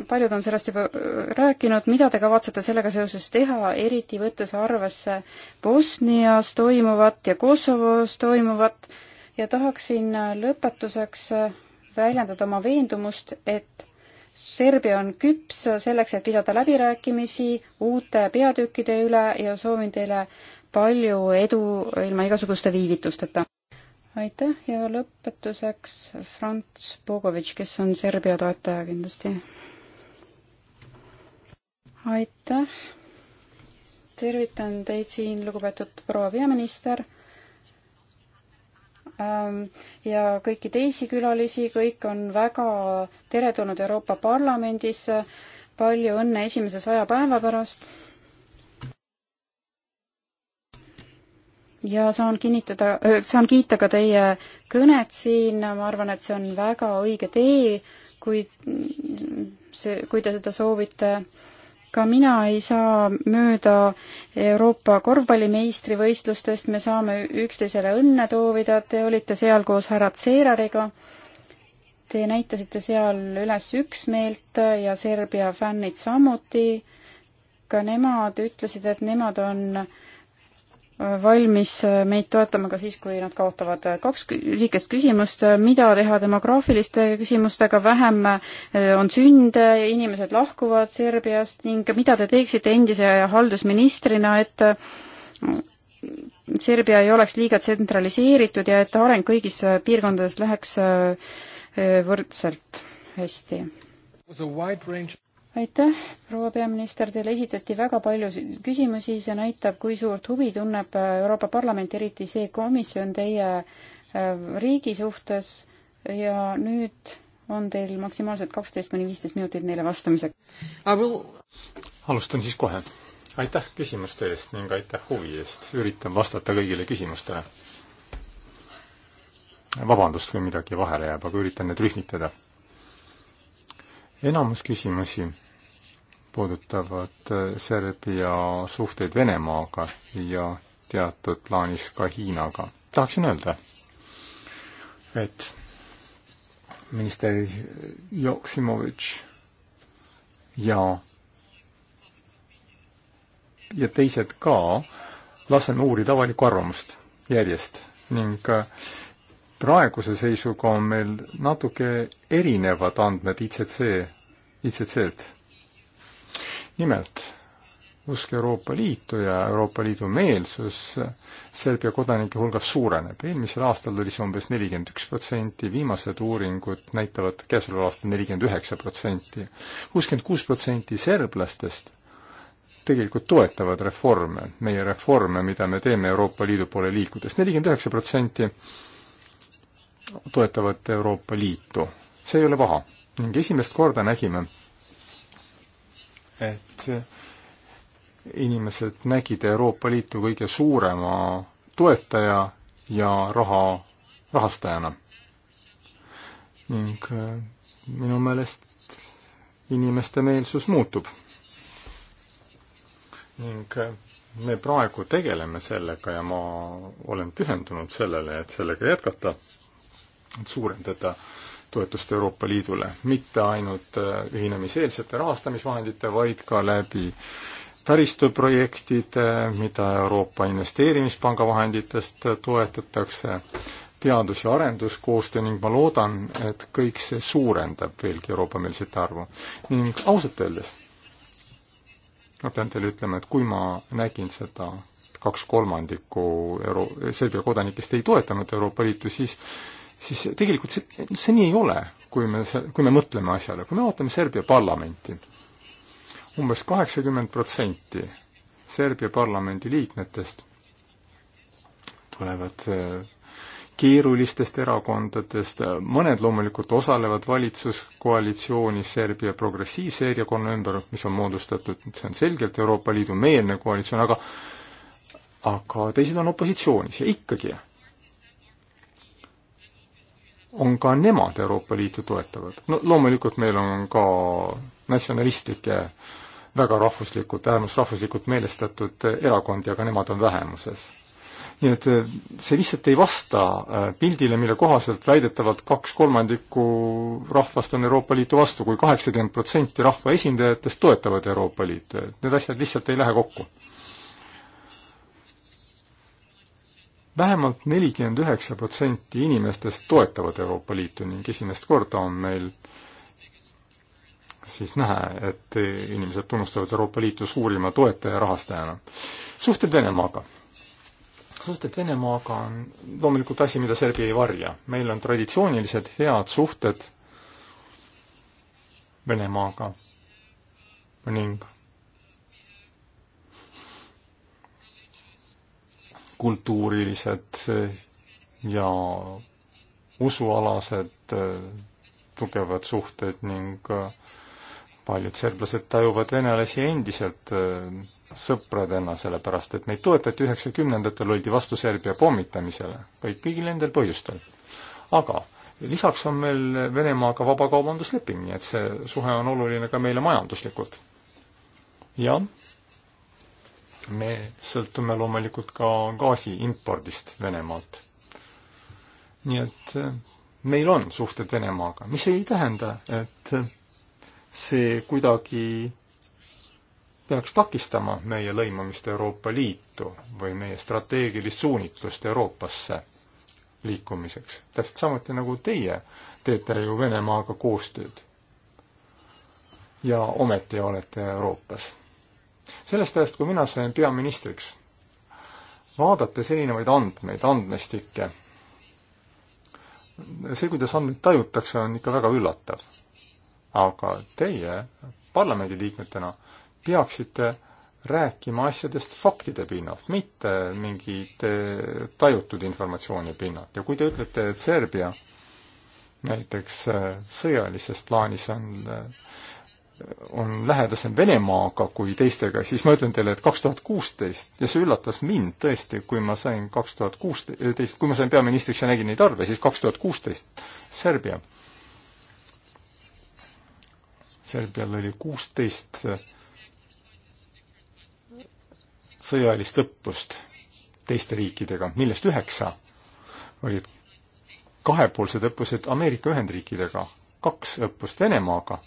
paljud on sellest juba äh, rääkinud, mida te kavatsete sellega seoses teha, eriti võttes arvesse Bosnias toimuvat ja Kosovos toimuvat ja tahaksin äh, lõpetuseks väljendada oma veendumust, et Serbia on küps selleks, et pidada läbirääkimisi uute peatükkide üle ja soovin teile palju edu ilma igasuguste viivitusteta. aitäh ja lõpetuseks Franz Bogovic, kes on Serbia toetaja kindlasti. aitäh tervitan teid siin, lugupeetud proua peaminister Ähm, ja kõiki teisi külalisi, kõik on väga teretulnud Euroopa Parlamendis. palju õnne esimese saja päeva pärast. ja saan kinnitada, äh, saan kiita ka teie kõnet siin, ma arvan, et see on väga õige tee, kui see, kui te seda soovite ka mina ei saa mööda Euroopa korvpallimeistrivõistlustest, me saame üksteisele õnne toovida, te olite seal koos härra Tseerariga. Te näitasite seal üles üksmeelt ja Serbia fännid samuti. ka nemad ütlesid, et nemad on äh, valmis meid toetama ka siis, kui nad kaotavad kaks lühikest küsimust, mida teha demograafiliste küsimustega, vähem eh, on sünde, inimesed lahkuvad Serbiast ning mida te teeksite endise haldusministrina, et mm, Serbia ei oleks liiga tsentraliseeritud ja et areng kõigis piirkondades läheks eh, võrdselt hästi? aitäh, proua peaminister, teile esitati väga palju küsimusi, see näitab, kui suurt huvi tunneb äh, Euroopa Parlament, eriti see komisjon teie äh, riigi suhtes ja nüüd on teil maksimaalselt kaksteist kuni viisteist minutit neile vastamiseks. alustan siis kohe. aitäh küsimuste eest ning aitäh huvi eest, üritan vastata kõigile küsimustele. vabandust, kui midagi vahele jääb, aga üritan need rühmitada. enamus küsimusi puudutavad äh, Serbia suhteid Venemaaga ja teatud plaanis ka Hiinaga. tahaksin öelda, et minister Joksimovitš ja, ja teised ka laseme uurida avalikku arvamust järjest ning äh, praeguse seisuga on meil natuke erinevad andmed ICC, ICC-lt nimelt usk Euroopa Liitu ja Euroopa Liidu meelsus Serbia kodanike hulgas suureneb. eelmisel aastal oli see umbes nelikümmend üks protsenti, viimased uuringud näitavad käesoleval aastal nelikümmend üheksa protsenti. kuuskümmend kuus protsenti serblastest tegelikult toetavad reforme, meie reforme, mida me teeme Euroopa Liidu poole liikudes. nelikümmend üheksa protsenti toetavad Euroopa Liitu. see ei ole paha. ning esimest korda nägime, et inimesed nägid Euroopa Liitu kõige suurema toetaja ja raha, rahastajana. ning äh, minu meelest inimeste meelsus muutub. ning äh, me praegu tegeleme sellega ja ma olen pühendunud sellele, et sellega jätkata, et suurendada äh, toetust Euroopa Liidule, mitte ainult äh, ühinemiseelsete rahastamisvahendite, vaid ka läbi taristuprojektide, mida Euroopa Investeerimispanga vahenditest toetatakse, teadus- ja arenduskoostöö ning ma loodan, et kõik see suurendab veelgi Euroopa-meelsete arvu. ning ausalt öeldes ma pean teile ütlema, et kui ma nägin seda kaks kolmandikku euro-, Serbia kodanikest ei toetanud Euroopa Liitu, siis siis tegelikult see, see nii ei ole, kui me, kui me mõtleme asjale, kui me vaatame Serbia parlamenti umbes, umbes kaheksakümmend protsenti Serbia parlamendi liikmetest tulevad äh, keerulistest erakondadest, äh, mõned loomulikult osalevad valitsuskoalitsioonis Serbia progressiivse erakonna ümber, mis on moodustatud, see on selgelt Euroopa Liidu meelne koalitsioon, aga aga teised on opositsioonis ja ikkagi on ka nemad Euroopa Liitu toetavad. no loomulikult meil on ka natsionalistlikke, väga rahvuslikult, äärmusrahvuslikult meelestatud erakondi, aga nemad on vähemuses. nii et äh, see lihtsalt ei vasta äh, pildile, mille kohaselt väidetavalt kaks kolmandikku rahvast on Euroopa Liitu vastu kui, kui kaheksakümmend protsenti rahva esindajatest toetavad Euroopa Liitu, et need asjad lihtsalt ei lähe kokku vähemalt nelikümmend üheksa protsenti inimestest toetavad Euroopa Liitu ning esimest korda on meil siis näha, et inimesed tunnustavad Euroopa Liitu suurima toetaja ja rahastajana. suhted Venemaaga. suhted Venemaaga on loomulikult asi, mida Serbia ei varja. meil on traditsioonilised head suhted Venemaaga ning kultuurilised ja usualased eh, tugevad suhted ning eh, paljud serblased tajuvad venelasi endiselt eh, sõpradena, sellepärast et neid toetati üheksakümnendatel, oldi vastu Serbia pommitamisele, kõik kõigil nendel põhjustel. aga lisaks on meil Venemaaga vabakaubandusleping, nii et see suhe on oluline ka meile majanduslikult. jah me sõltume loomulikult ka gaasi impordist Venemaalt. nii et eh, meil on suhted Venemaaga, mis ei tähenda, et see kuidagi peaks takistama meie lõimumist Euroopa Liitu või meie strateegilist suunitlust Euroopasse liikumiseks. täpselt samuti nagu teie teete ju Venemaaga koostööd. ja ometi olete Euroopas sellest ajast, kui mina sain peaministriks, vaadates erinevaid andmeid, andmestikke, see, kuidas andmeid tajutakse, on ikka väga üllatav. aga teie parlamendiliikmetena peaksite rääkima asjadest faktide pinnalt, mitte mingit tajutud informatsiooni pinnalt ja kui te ütlete, et Serbia näiteks äh, sõjalises plaanis on äh, on lähedasem Venemaaga kui teistega, siis ma ütlen teile, et kaks tuhat kuusteist ja see üllatas mind tõesti, kui ma sain kaks tuhat kuusteist, kui ma sain peaministriks ja nägin neid arve, siis kaks tuhat kuusteist Serbia. Serbial oli kuusteist äh, sõjalist õppust teiste riikidega, millest üheksa olid kahepoolsed õppused Ameerika Ühendriikidega, kaks õppust Venemaaga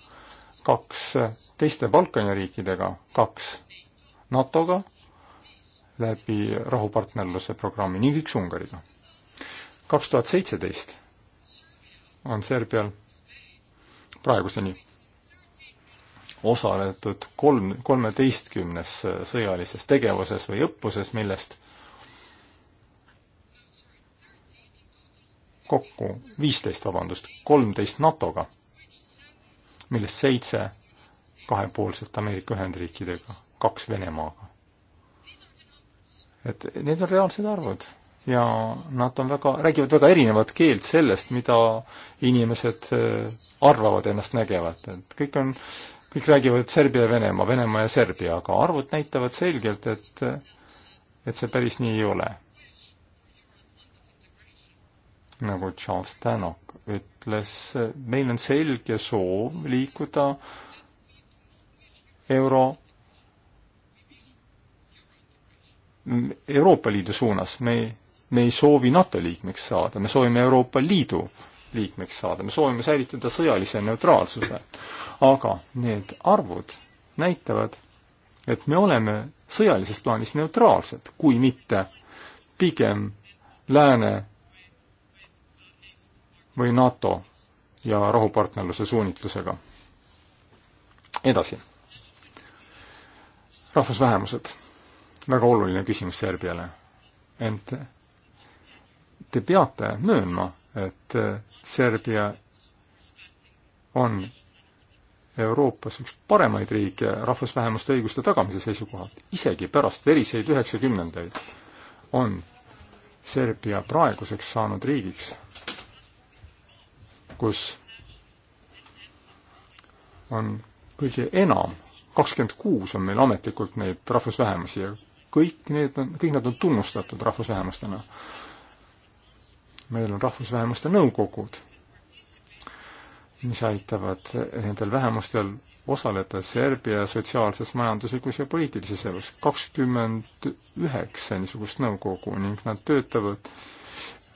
kaks teiste Balkani riikidega, kaks NATO-ga läbi rahupartnerluse programmi ning üks Ungariga. kaks tuhat seitseteist on Serbial praeguseni osaletud kolm, kolmeteistkümnes sõjalises tegevuses või õppuses, millest kokku viisteist, vabandust, kolmteist NATO-ga millest seitse kahepoolselt Ameerika Ühendriikidega, kaks Venemaaga. et need on reaalsed arvud ja nad on väga, räägivad väga erinevat keelt sellest, mida inimesed äh, arvavad ennast nägevat, et kõik on, kõik räägivad Serbia ja Venemaa, Venemaa ja Serbia, aga arvud näitavad selgelt, et et see päris nii ei ole nagu Charles Tannock ütles, meil on selge soov liikuda euro, Euroopa Liidu suunas, me, me ei soovi NATO liikmeks saada, me soovime Euroopa Liidu liikmeks saada, me soovime säilitada sõjalise neutraalsuse. aga need arvud näitavad, et me oleme sõjalises plaanis neutraalsed, kui mitte pigem lääne või NATO ja rahupartnerluse suunitlusega. edasi. rahvusvähemused. väga oluline küsimus Serbiale. ent te peate möönma, et Serbia on Euroopas üks paremaid riike rahvusvähemuste õiguste tagamise seisukohalt. isegi pärast veriseid üheksakümnendaid on Serbia praeguseks saanud riigiks, kus on kõige enam, kakskümmend kuus on meil ametlikult neid rahvusvähemusi ja kõik need on, kõik nad on tunnustatud rahvusvähemustena. meil on rahvusvähemuste nõukogud, mis aitavad nendel vähemustel osaleda Serbia sotsiaalses, majanduslikus ja poliitilises elus. kakskümmend üheksa niisugust nõukogu ning nad töötavad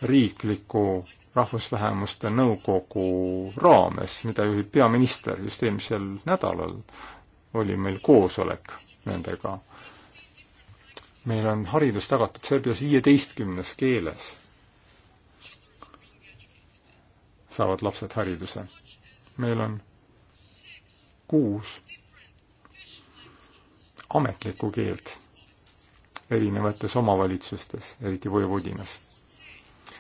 riikliku rahvusvähemuste nõukogu raames, mida juhib peaminister, just eelmisel nädalal oli meil koosolek nendega. meil on haridus tagatud Serbias viieteistkümnes keeles. saavad lapsed hariduse. meil on kuus ametlikku keelt erinevates omavalitsustes, eriti Vojvodinas.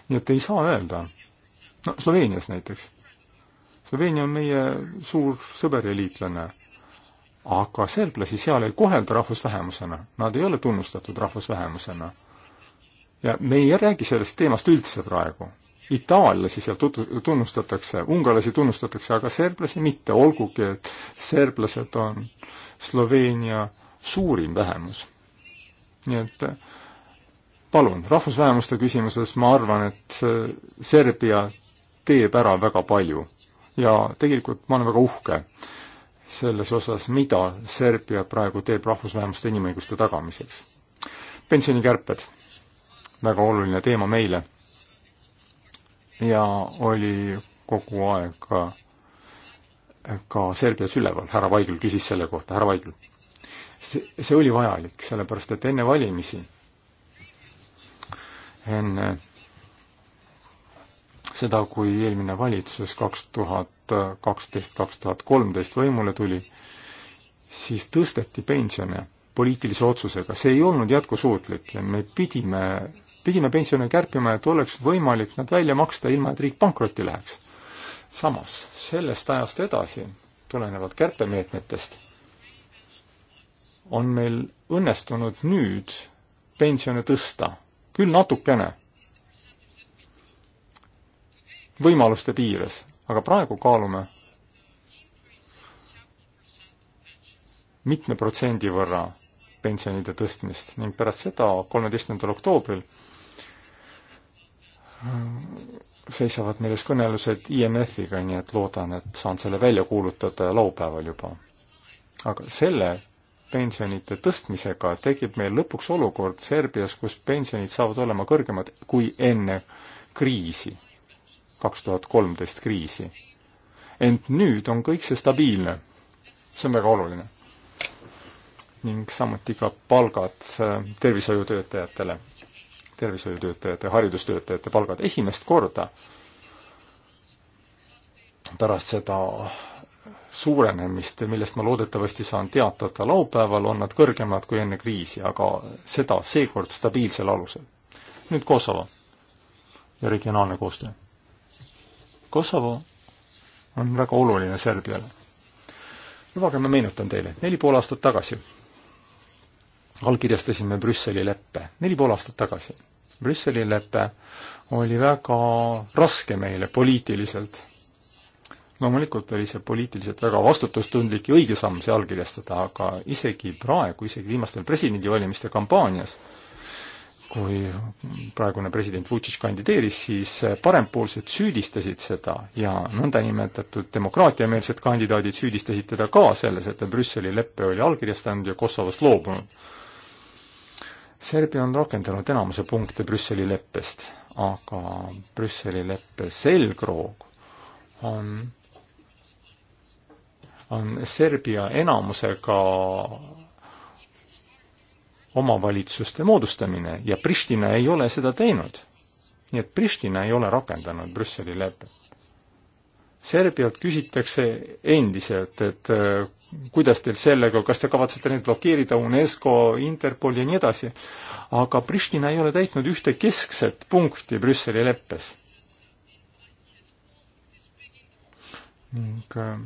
nii et ei saa öelda, no Sloveenias näiteks. Sloveenia on meie suur sõber ja liitlane, aga serblasi seal ei kohelda rahvusvähemusena, nad ei ole tunnustatud rahvusvähemusena. ja me ei räägi sellest teemast üldse praegu. itaallasi seal tut-, tunnustatakse, ungarlasi tunnustatakse, aga serblasi mitte, olgugi et serblased on Sloveenia suurim vähemus. nii et palun, rahvusvähemuste küsimuses ma arvan, et eh, Serbia teeb ära väga palju. ja tegelikult ma olen väga uhke selles osas, mida Serbia praegu teeb rahvusvähemuste inimõiguste tagamiseks. pensionikärped, väga oluline teema meile ja oli kogu aeg ka, eh, ka Serbias üleval, härra Vaigel küsis selle kohta, härra Vaigel. see, see oli vajalik, sellepärast et enne valimisi, enne seda, kui eelmine valitsus kaks tuhat kaksteist, kaks tuhat kolmteist võimule tuli, siis tõsteti pensione poliitilise otsusega, see ei olnud jätkusuutlik ja me pidime, pidime pensione kärpima, et oleks võimalik nad välja maksta, ilma et riik pankrotti läheks. samas, sellest ajast edasi, tulenevalt kärpemeetmetest, on meil õnnestunud nüüd pensione tõsta, küll natukene võimaluste piires, aga praegu kaalume mitme protsendi võrra pensionide tõstmist ning pärast seda, kolmeteistkümnendal oktoobril, seisavad meil ees kõnelused IMF-iga, nii et loodan, et saan selle välja kuulutada laupäeval juba. aga selle pensionite tõstmisega tekib meil lõpuks olukord Serbias, kus pensionid saavad olema kõrgemad kui enne kriisi kaks tuhat kolmteist kriisi. ent nüüd on kõik see stabiilne. see on väga oluline. ning samuti ka palgad äh, tervishoiutöötajatele, tervishoiutöötajate, haridustöötajate palgad esimest korda pärast seda suurenemist, millest ma loodetavasti saan teatada laupäeval, on nad kõrgemad kui enne kriisi, aga seda seekord stabiilsel alusel. nüüd Kosovo ja regionaalne koostöö. Kosovo on väga oluline Serbiale. lubage, ma meenutan teile, neli pool aastat tagasi allkirjastasime Brüsseli leppe, neli pool aastat tagasi. Brüsseli lepe oli väga raske meile poliitiliselt. loomulikult oli see poliitiliselt väga vastutustundlik ja õige samm see allkirjastada, aga isegi praegu, isegi viimastel presidendivalimiste kampaanias kui praegune president Vutšić kandideeris, siis parempoolsed süüdistasid seda ja nõndanimetatud demokraatiameelsed kandidaadid süüdistasid teda ka selles, et ta Brüsseli leppe oli allkirjastanud ja Kosovost loobunud. Serbia on rakendanud enamuse punkte Brüsseli leppest, aga Brüsseli leppe selgroog on, on Serbia enamusega omavalitsuste moodustamine ja Pristina ei ole seda teinud. nii et Pristina ei ole rakendanud Brüsseli lepet. Serbialt küsitakse endiselt, et äh, kuidas teil sellega, kas te kavatsete neid blokeerida UNESCO, Interpol ja nii edasi, aga Pristina ei ole täitnud ühte keskset punkti Brüsseli leppes. ning äh,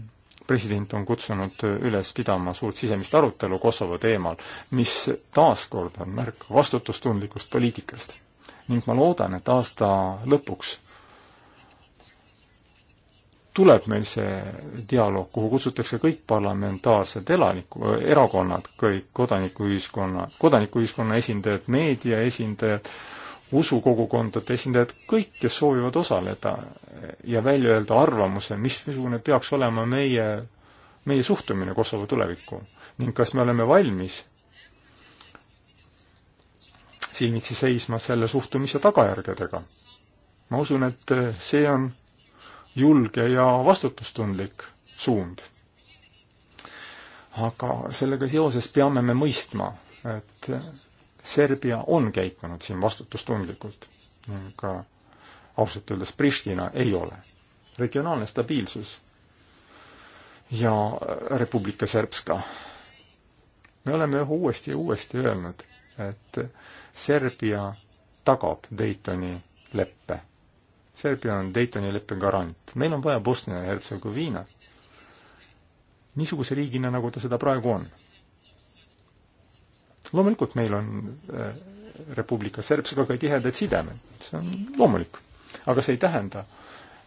president on kutsunud üles pidama suurt sisemist arutelu Kosovo teemal, mis taaskord on märk vastutustundlikust poliitikast. ning ma loodan, et aasta lõpuks tuleb meil see dialoog, kuhu kutsutakse kõik parlamentaarsed elaniku, erakonnad, kõik kodanikuühiskonna, kodanikuühiskonna esindajad, meedia esindajad, usukogukondade esindajad, kõik, kes soovivad osaleda ja välja öelda arvamuse, mis, missugune peaks olema meie, meie suhtumine Kosovo tulevikku ning kas me oleme valmis silmitsi seisma selle suhtumise tagajärgedega. ma usun, et see on julge ja vastutustundlik suund. aga sellega seoses peame me mõistma, et Serbia on käitunud siin vastutustundlikult ning äh, ausalt öeldes Pristina ei ole. regionaalne stabiilsus ja äh, Republika Srpska. me oleme üha uuesti ja uuesti öelnud, et Serbia tagab Daytoni leppe. Serbia on Daytoni leppe garant. meil on vaja Bosnia ja Hertsegoviinat niisuguse riigina, nagu ta seda praegu on loomulikult meil on äh, Republika Serbskaga ka tihedad sidemed, see on loomulik. aga see ei tähenda,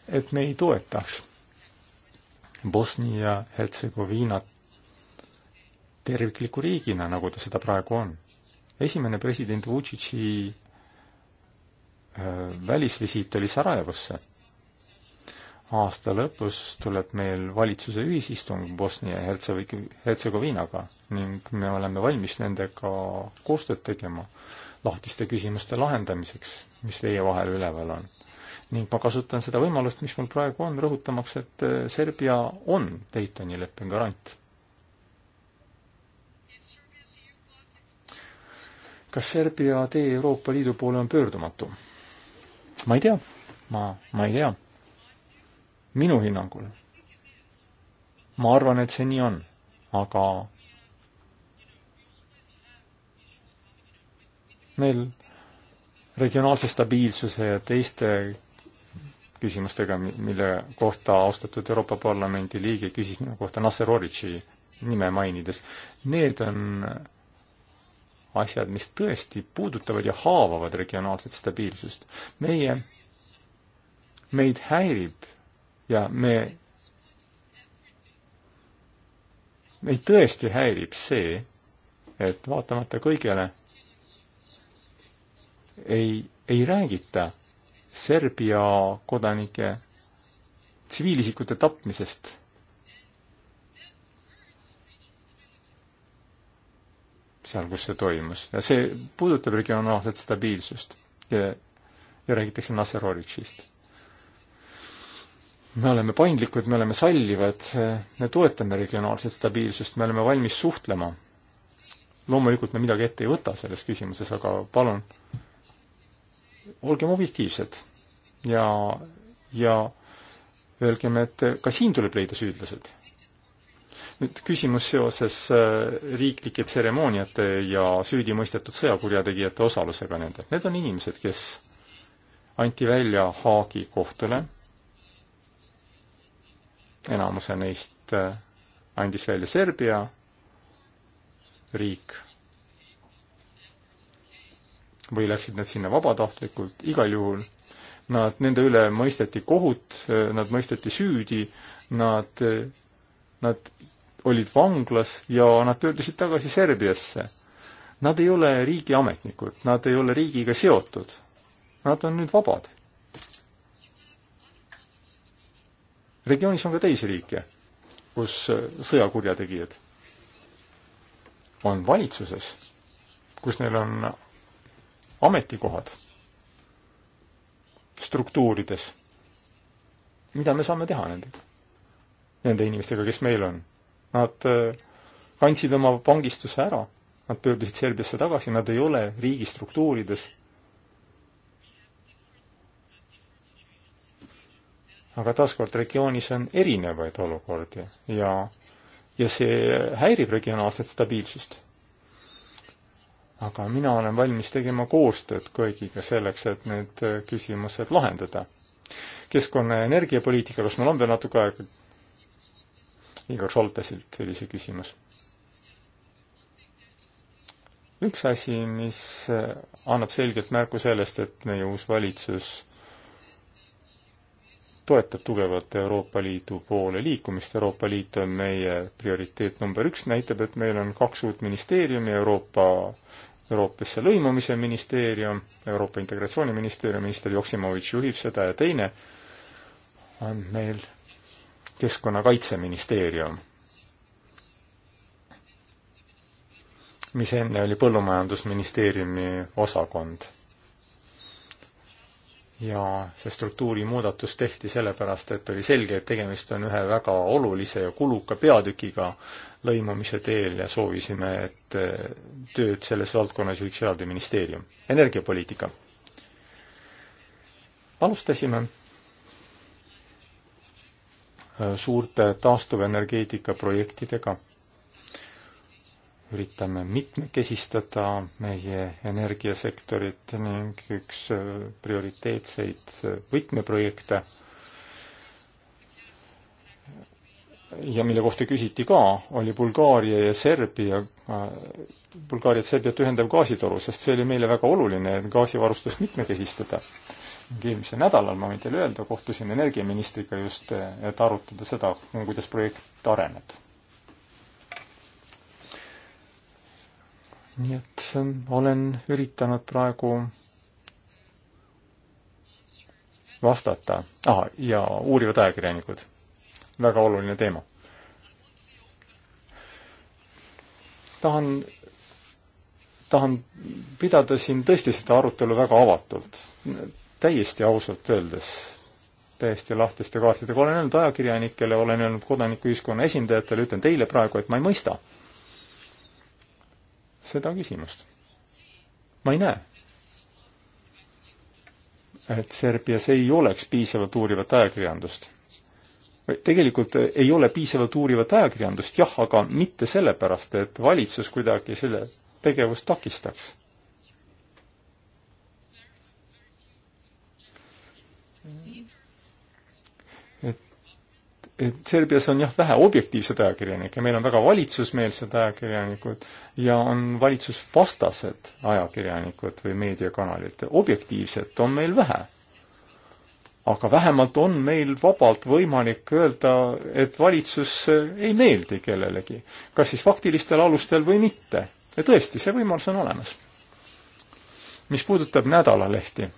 et me ei toetaks Bosnia-Hertsegoviinat tervikliku riigina, nagu ta seda praegu on. esimene president Vutšitši äh, välisvisiit oli Sarajevosse aasta lõpus tuleb meil valitsuse ühisistung Bosnia ja Hertsegoviinaga ning me oleme valmis nendega koostööd tegema lahtiste küsimuste lahendamiseks, mis teie vahel üleval on. ning ma kasutan seda võimalust, mis mul praegu on, rõhutamaks, et äh, Serbia on Daytoni leppe garant. kas Serbia tee Euroopa Liidu poole on pöördumatu? ma ei tea, ma, ma ei tea minu hinnangul ma arvan, et see nii on, aga meil regionaalse stabiilsuse ja teiste küsimustega, mille kohta austatud Euroopa Parlamendi liige küsis minu kohta Nasser Oritši nime mainides, need on asjad, mis tõesti puudutavad ja haavavad regionaalset stabiilsust. meie, meid häirib ja me, meid tõesti häirib see, et vaatamata kõigele ei, ei räägita Serbia kodanike tsiviilisikute tapmisest. seal, kus see toimus ja see puudutab regionaalset stabiilsust ja, ja räägitakse Nasserovitšist me oleme paindlikud, me oleme sallivad, me toetame regionaalset stabiilsust, me oleme valmis suhtlema. loomulikult me midagi ette ei võta selles küsimuses, aga palun olgem objektiivsed ja, ja öelgem, et ka siin tuleb leida süüdlased. nüüd küsimus seoses äh, riiklike tseremooniate ja süüdimõistetud sõjakurjategijate osalusega nendel. Need on inimesed, kes anti välja Haagi kohtule enamuse neist äh, andis välja Serbia riik või läksid nad sinna vabatahtlikult, igal juhul nad, nende üle mõisteti kohut, äh, nad mõisteti süüdi, nad, äh, nad olid vanglas ja nad pöördusid tagasi Serbiasse. Nad ei ole riigiametnikud, nad ei ole riigiga seotud. Nad on nüüd vabad regioonis on ka teisi riike, kus äh, sõjakurjategijad on valitsuses, kus neil on ametikohad struktuurides. mida me saame teha nendega? Nende inimestega, kes meil on? Nad äh, kandsid oma vangistuse ära, nad pöördusid Serbiasse tagasi, nad ei ole riigi struktuurides aga taaskord regioonis on erinevaid olukordi ja, ja see häirib regionaalset stabiilsust. aga mina olen valmis tegema koostööd kõigiga selleks, et need küsimused lahendada. keskkonna ja energiapoliitika, kas mul on veel natuke aega? Igor Šoltesilt sellise küsimus. üks asi, mis annab selgelt märku sellest, et meie uus valitsus toetab tugevalt Euroopa Liidu poole liikumist, Euroopa Liit on meie prioriteet number üks, näitab, et meil on kaks uut ministeeriumi, Euroopa, Euroopasse lõimumise ministeerium, Euroopa integratsiooniministeerium, minister Joksimovitš juhib seda ja teine on meil Keskkonnakaitseministeerium, mis enne oli Põllumajandusministeeriumi osakond ja see struktuurimuudatus tehti sellepärast, et oli selge, et tegemist on ühe väga olulise ja kuluka peatükiga lõimumise teel ja soovisime, et eh, tööd selles valdkonnas juhiks eraldi ministeerium. energiapoliitika. alustasime eh, suurte taastuvenergeetika projektidega üritame mitmekesistada meie energiasektorit ning üks äh, prioriteetseid äh, võtmeprojekte ja mille kohta küsiti ka, oli Bulgaaria ja Serbia, äh, Bulgaariat, Serbiat ühendav gaasitoru, sest see oli meile väga oluline, gaasivarustust mitmekesistada. eelmisel nädalal, ma võin teile öelda, kohtusin energiaministriga just, et arutada seda, kuidas projekt areneb nii et ähm, olen üritanud praegu vastata ah,. ja uurivad ajakirjanikud, väga oluline teema. tahan, tahan pidada siin tõesti seda arutelu väga avatult, täiesti ausalt öeldes, täiesti lahtiste kaartidega, olen öelnud ajakirjanikele, olen öelnud kodanikuühiskonna esindajatele, ütlen teile praegu, et ma ei mõista seda küsimust. ma ei näe, et Serbias ei oleks piisavalt uurivat ajakirjandust. tegelikult ei ole piisavalt uurivat ajakirjandust, jah, aga mitte sellepärast, et valitsus kuidagi selle tegevust takistaks et Serbias on jah, vähe objektiivseid ajakirjanikke, meil on väga valitsusmeelsed ajakirjanikud ja on valitsusvastased ajakirjanikud või meediakanalid. objektiivset on meil vähe. aga vähemalt on meil vabalt võimalik öelda, et valitsus ei meeldi kellelegi, kas siis faktilistel alustel või mitte. ja tõesti, see võimalus on olemas. mis puudutab nädalalehti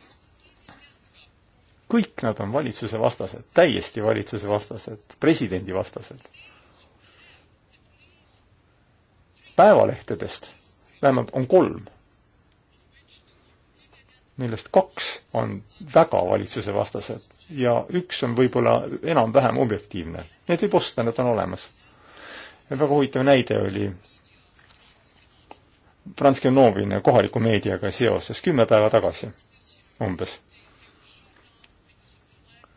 kõik nad on valitsuse vastased, täiesti valitsuse vastased, presidendi vastased. päevalehtedest vähemalt on kolm, millest kaks on väga valitsuse vastased ja üks on võib-olla enam-vähem objektiivne. Need võib osta, need on olemas. väga huvitav näide oli Franz Genovine kohaliku meediaga seoses kümme päeva tagasi umbes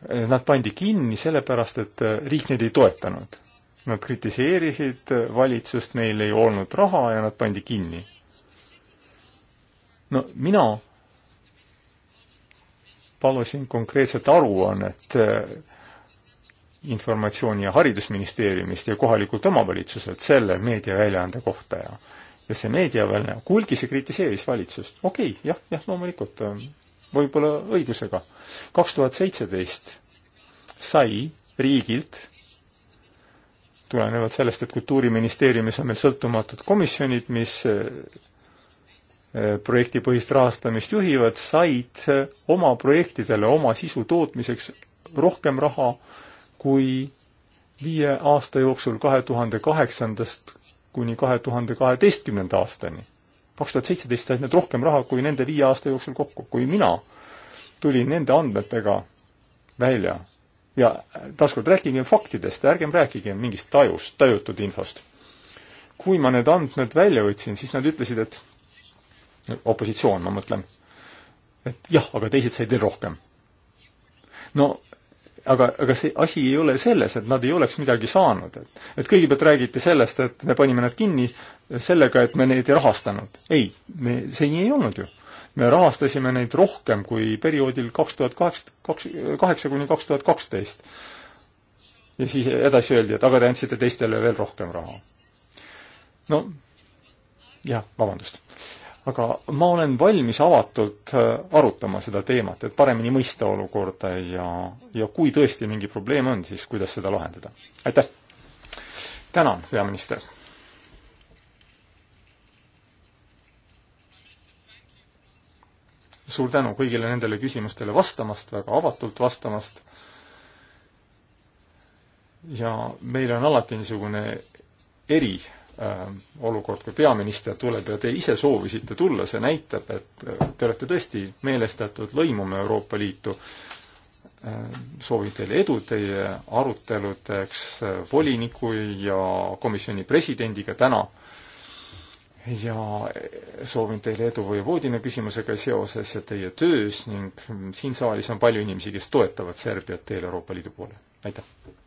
nad pandi kinni sellepärast, et riik neid ei toetanud. Nad kritiseerisid valitsust, neil ei olnud raha ja nad pandi kinni. no mina palusin konkreetset aruannet eh, informatsiooni- ja haridusministeeriumist ja kohalikult omavalitsuselt selle meediaväljaande kohta ja ja see meediaväljaanne, kuulge, see kritiseeris valitsust. okei okay,, jah, jah, loomulikult ähm, võib-olla õigusega. kaks tuhat seitseteist sai riigilt tulenevalt sellest, et Kultuuriministeeriumis on meil sõltumatud komisjonid, mis eh, eh, projektipõhist rahastamist juhivad, said eh, oma projektidele, oma sisu tootmiseks rohkem raha kui viie aasta jooksul kahe tuhande kaheksandast kuni kahe tuhande kaheteistkümnenda aastani kaks tuhat seitseteist said nad rohkem raha kui nende viie aasta jooksul kokku. kui mina tulin nende andmetega välja ja taaskord rääkigem faktidest, ärgem rääkigem mingist tajust, tajutud infost. kui ma need andmed välja võtsin, siis nad ütlesid, et opositsioon, ma mõtlen, et jah, aga teised said veel rohkem. no aga, aga see asi ei ole selles, et nad ei oleks midagi saanud, et, et kõigepealt räägiti sellest, et me panime nad kinni sellega, et me neid ei rahastanud. ei, me, see nii ei olnud ju. me rahastasime neid rohkem kui perioodil kaks tuhat kaheksa, kaks, kaheksa kuni kaks tuhat kaksteist. ja siis edasi öeldi, et aga te andsite teistele veel rohkem raha. no jah, vabandust aga ma olen valmis avatult äh, arutama seda teemat, et paremini mõista olukorda ja, ja kui tõesti mingi probleem on, siis kuidas seda lahendada. aitäh! tänan, peaminister! suur tänu kõigile nendele küsimustele vastamast, väga avatult vastamast. ja meil on alati niisugune eri Äh, olukord, kui peaminister tuleb ja te ise soovisite tulla, see näitab, et äh, te olete tõesti meelestatud lõimuma Euroopa Liitu. Äh, soovin teile edu teie aruteludeks voliniku ja komisjoni presidendiga täna ja soovin teile edu Vojvodina küsimusega seoses ja teie töös ning mm, siin saalis on palju inimesi, kes toetavad Serbiat teel Euroopa Liidu poole. aitäh!